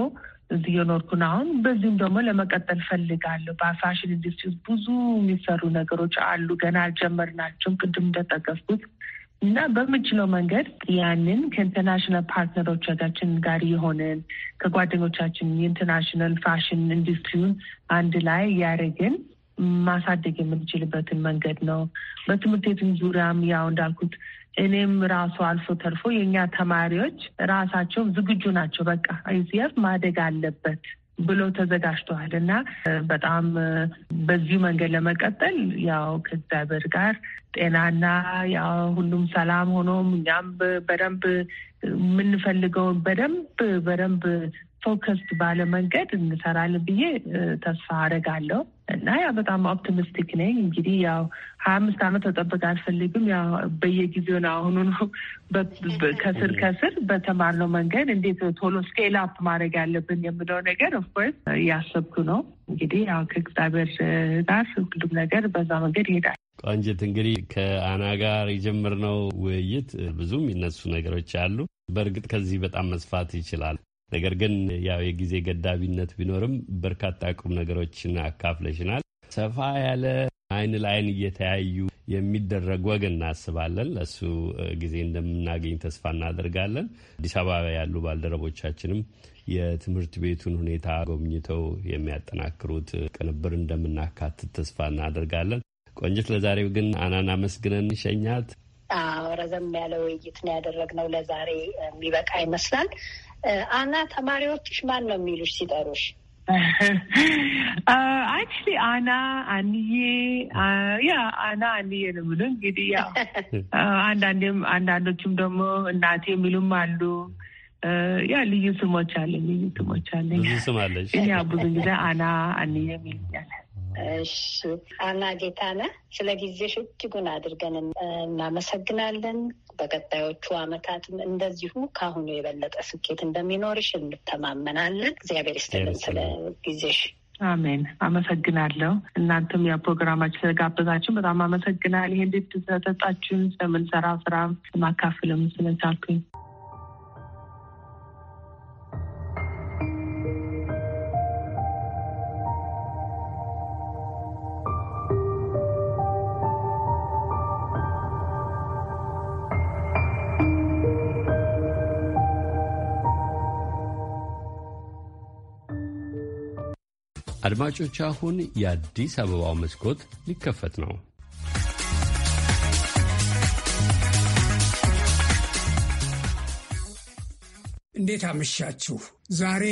እዚህ የኖርኩ ነው። አሁን በዚህም ደግሞ ለመቀጠል ፈልጋለሁ። በፋሽን ኢንዱስትሪ ውስጥ ብዙ የሚሰሩ ነገሮች አሉ፣ ገና አልጀመርናቸውም ቅድም እንደጠቀስኩት እና በምችለው መንገድ ያንን ከኢንተርናሽናል ፓርትነሮቻችን ጋር የሆንን ከጓደኞቻችን የኢንተርናሽናል ፋሽን ኢንዱስትሪውን አንድ ላይ ያደረግን ማሳደግ የምንችልበትን መንገድ ነው። በትምህርት ቤቱን ዙሪያም ያው እንዳልኩት እኔም ራሱ አልፎ ተርፎ የእኛ ተማሪዎች ራሳቸው ዝግጁ ናቸው። በቃ አይዚኤፍ ማደግ አለበት ብሎ ተዘጋጅተዋል እና በጣም በዚሁ መንገድ ለመቀጠል ያው ከእግዚአብሔር ጋር ጤናና ያው ሁሉም ሰላም ሆኖም እኛም በደንብ የምንፈልገውን በደንብ በደንብ ፎከስ ባለ መንገድ እንሰራለን ብዬ ተስፋ አደርጋለሁ። እና ያ በጣም ኦፕቲሚስቲክ ነኝ። እንግዲህ ያው ሀያ አምስት ዓመት ተጠብቅ አልፈልግም። ያው በየጊዜው ነው አሁኑ ነው ከስር ከስር በተማርነው መንገድ እንዴት ቶሎ ስኬል አፕ ማድረግ ያለብን የምለው ነገር ኦፍኮርስ እያሰብኩ ነው። እንግዲህ ያው ከእግዚአብሔር ጋር ሁሉም ነገር በዛ መንገድ ይሄዳል። ቆንጅት እንግዲህ ከአና ጋር የጀመርነው ውይይት ብዙም ይነሱ ነገሮች አሉ። በእርግጥ ከዚህ በጣም መስፋት ይችላል። ነገር ግን ያው የጊዜ ገዳቢነት ቢኖርም በርካታ ቁም ነገሮችን አካፍለሽናል። ሰፋ ያለ አይን ለአይን እየተያዩ የሚደረግ ወግ እናስባለን። ለእሱ ጊዜ እንደምናገኝ ተስፋ እናደርጋለን። አዲስ አበባ ያሉ ባልደረቦቻችንም የትምህርት ቤቱን ሁኔታ ጎብኝተው የሚያጠናክሩት ቅንብር እንደምናካትት ተስፋ እናደርጋለን። ቆንጅት፣ ለዛሬው ግን አናን አመስግነን እንሸኛት። ረዘም ያለ ውይይት ነው ያደረግነው። ለዛሬ የሚበቃ ይመስላል። አና uh, ተማሪዎችሽ ማን ነው የሚሉሽ ሲጠሩሽ? አክቹሊ አና አንዬ፣ ያ አና አንዬ ነው ብሎ እንግዲህ ያው uh, አንዳንዴም አንዳንዶችም ደግሞ እናቴ የሚሉም አሉ። ያ uh, ልዩ ስሞች አለ ልዩ ስሞች አለ። ልዩ ስም አለሽ? ያ ብዙ ጊዜ አና አንዬ የሚሉኛል። እሺ አና ጌታነ ስለ ጊዜሽ እጅጉን አድርገን እናመሰግናለን። በቀጣዮቹ አመታትም እንደዚሁ ከአሁኑ የበለጠ ስኬት እንደሚኖርሽ እንተማመናለን። እግዚአብሔር ይስጥልን ስለ ጊዜሽ። አሜን። አመሰግናለሁ። እናንተም ያ ፕሮግራማችን ስለጋበዛችሁ በጣም አመሰግናል። ይሄ እንዴት ስለሰጣችሁን፣ ስለምንሰራ ስራ ማካፍልም ስለቻልኩኝ አድማጮች፣ አሁን የአዲስ አበባው መስኮት ሊከፈት ነው። እንዴት አመሻችሁ። ዛሬ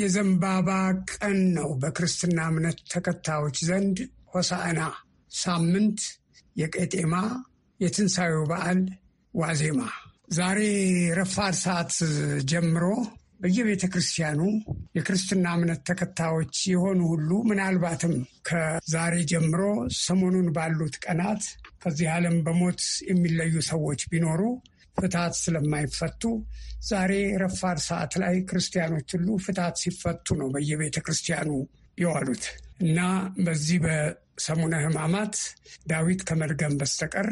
የዘንባባ ቀን ነው በክርስትና እምነት ተከታዮች ዘንድ ሆሳዕና ሳምንት፣ የቄጤማ የትንሣኤው በዓል ዋዜማ ዛሬ ረፋድ ሰዓት ጀምሮ በየቤተ ክርስቲያኑ የክርስትና እምነት ተከታዮች የሆኑ ሁሉ ምናልባትም ከዛሬ ጀምሮ ሰሞኑን ባሉት ቀናት ከዚህ ዓለም በሞት የሚለዩ ሰዎች ቢኖሩ ፍትሐት ስለማይፈቱ ዛሬ ረፋድ ሰዓት ላይ ክርስቲያኖች ሁሉ ፍትሐት ሲፈቱ ነው በየቤተ ክርስቲያኑ የዋሉት እና በዚህ በሰሙነ ሕማማት ዳዊት ከመድገም በስተቀር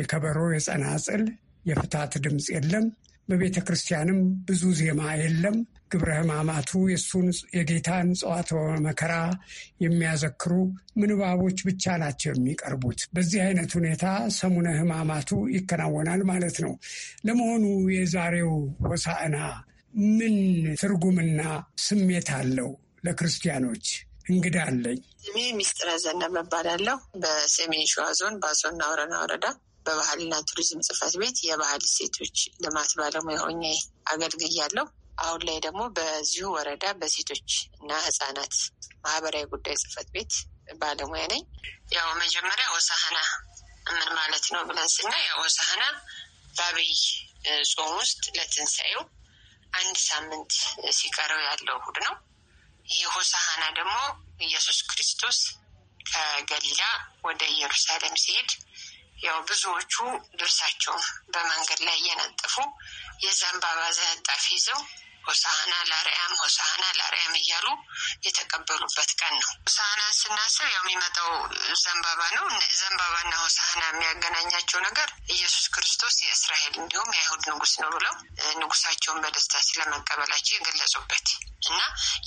የከበሮ፣ የጸናጽል፣ የፍትሐት ድምፅ የለም። በቤተ ክርስቲያንም ብዙ ዜማ የለም። ግብረ ሕማማቱ የእሱን የጌታን ጽዋትወ መከራ የሚያዘክሩ ምንባቦች ብቻ ናቸው የሚቀርቡት። በዚህ አይነት ሁኔታ ሰሙነ ሕማማቱ ይከናወናል ማለት ነው። ለመሆኑ የዛሬው ሆሳዕና ምን ትርጉምና ስሜት አለው ለክርስቲያኖች? እንግዳ አለኝ። ስሜ ሚስጥረ ዘነበ እባላለሁ። በሰሜን ሸዋ ዞን ባሶና ወረና ወረዳ በባህልና ቱሪዝም ጽህፈት ቤት የባህል እሴቶች ልማት ባለሙያ ሆኜ አገልግያለሁ። አሁን ላይ ደግሞ በዚሁ ወረዳ በሴቶች እና ህጻናት ማህበራዊ ጉዳይ ጽህፈት ቤት ባለሙያ ነኝ። ያው መጀመሪያ ወሳህና ምን ማለት ነው ብለን ስና ያው ወሳህና በአብይ ጾም ውስጥ ለትንሳኤው አንድ ሳምንት ሲቀረው ያለው እሁድ ነው። ይህ ሆሳሃና ደግሞ ኢየሱስ ክርስቶስ ከገሊላ ወደ ኢየሩሳሌም ሲሄድ ያው ብዙዎቹ ልብሳቸውን በመንገድ ላይ እየነጠፉ የዘንባባ ዝንጣፊ ይዘው ሆሳና ለአርያም ሆሳና ለአርያም እያሉ የተቀበሉበት ቀን ነው። ሆሳና ስናስብ ያው የሚመጣው ዘንባባ ነው። ዘንባባና ሆሳና የሚያገናኛቸው ነገር ኢየሱስ ክርስቶስ የእስራኤል እንዲሁም የአይሁድ ንጉስ ነው ብለው ንጉሳቸውን በደስታ ስለመቀበላቸው የገለጹበት እና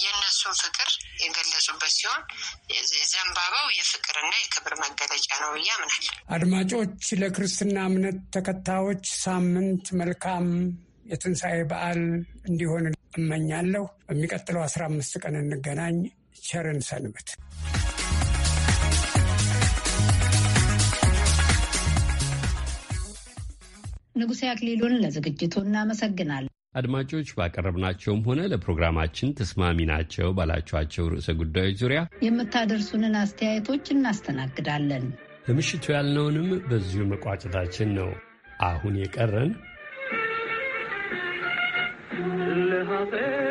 የእነሱን ፍቅር የገለጹበት ሲሆን ዘንባባው የፍቅርና የክብር መገለጫ ነው ብዬ አምናለሁ። አድማጮች ለክርስትና እምነት ተከታዮች ሳምንት መልካም የትንሣኤ በዓል እንዲሆን እመኛለሁ። በሚቀጥለው አስራ አምስት ቀን እንገናኝ። ቸርን ሰንበት። ንጉሴ አክሊሉን ለዝግጅቱ እናመሰግናለን። አድማጮች ባቀረብናቸውም ሆነ ለፕሮግራማችን ተስማሚ ናቸው ባላችኋቸው ርዕሰ ጉዳዮች ዙሪያ የምታደርሱንን አስተያየቶች እናስተናግዳለን። ለምሽቱ ያልነውንም በዚሁ መቋጨታችን ነው። አሁን የቀረን conocer.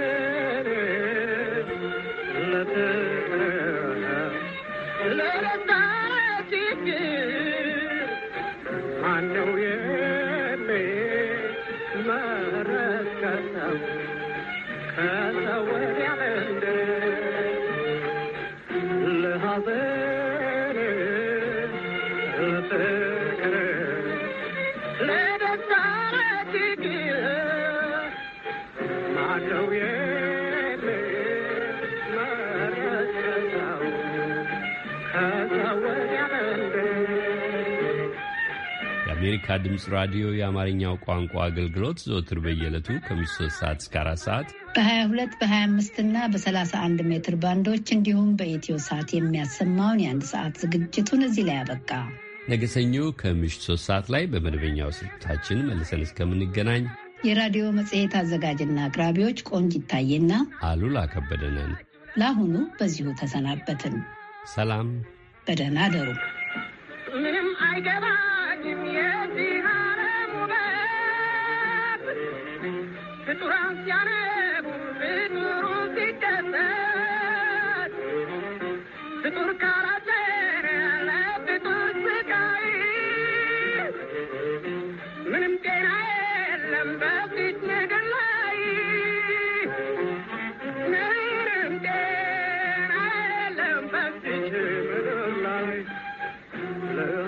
የአሜሪካ ድምፅ ራዲዮ የአማርኛው ቋንቋ አገልግሎት ዘወትር በየዕለቱ ከምሽቱ 3 ሰዓት እስከ 4 ሰዓት በ22 በ25 እና በ31 ሜትር ባንዶች እንዲሁም በኢትዮ ሰዓት የሚያሰማውን የአንድ ሰዓት ዝግጅቱን እዚህ ላይ አበቃ። ነገ ሰኞ ከምሽቱ ሰዓት ላይ በመደበኛው ስርጭታችን መልሰን እስከምንገናኝ የራዲዮ መጽሔት አዘጋጅና አቅራቢዎች ቆንጅ ይታየና አሉላ ከበደ ነን። ለአሁኑ በዚሁ ተሰናበትን። ሰላም፣ በደህና አደሩ። ምንም አይገባ ፍጡር አንስያነ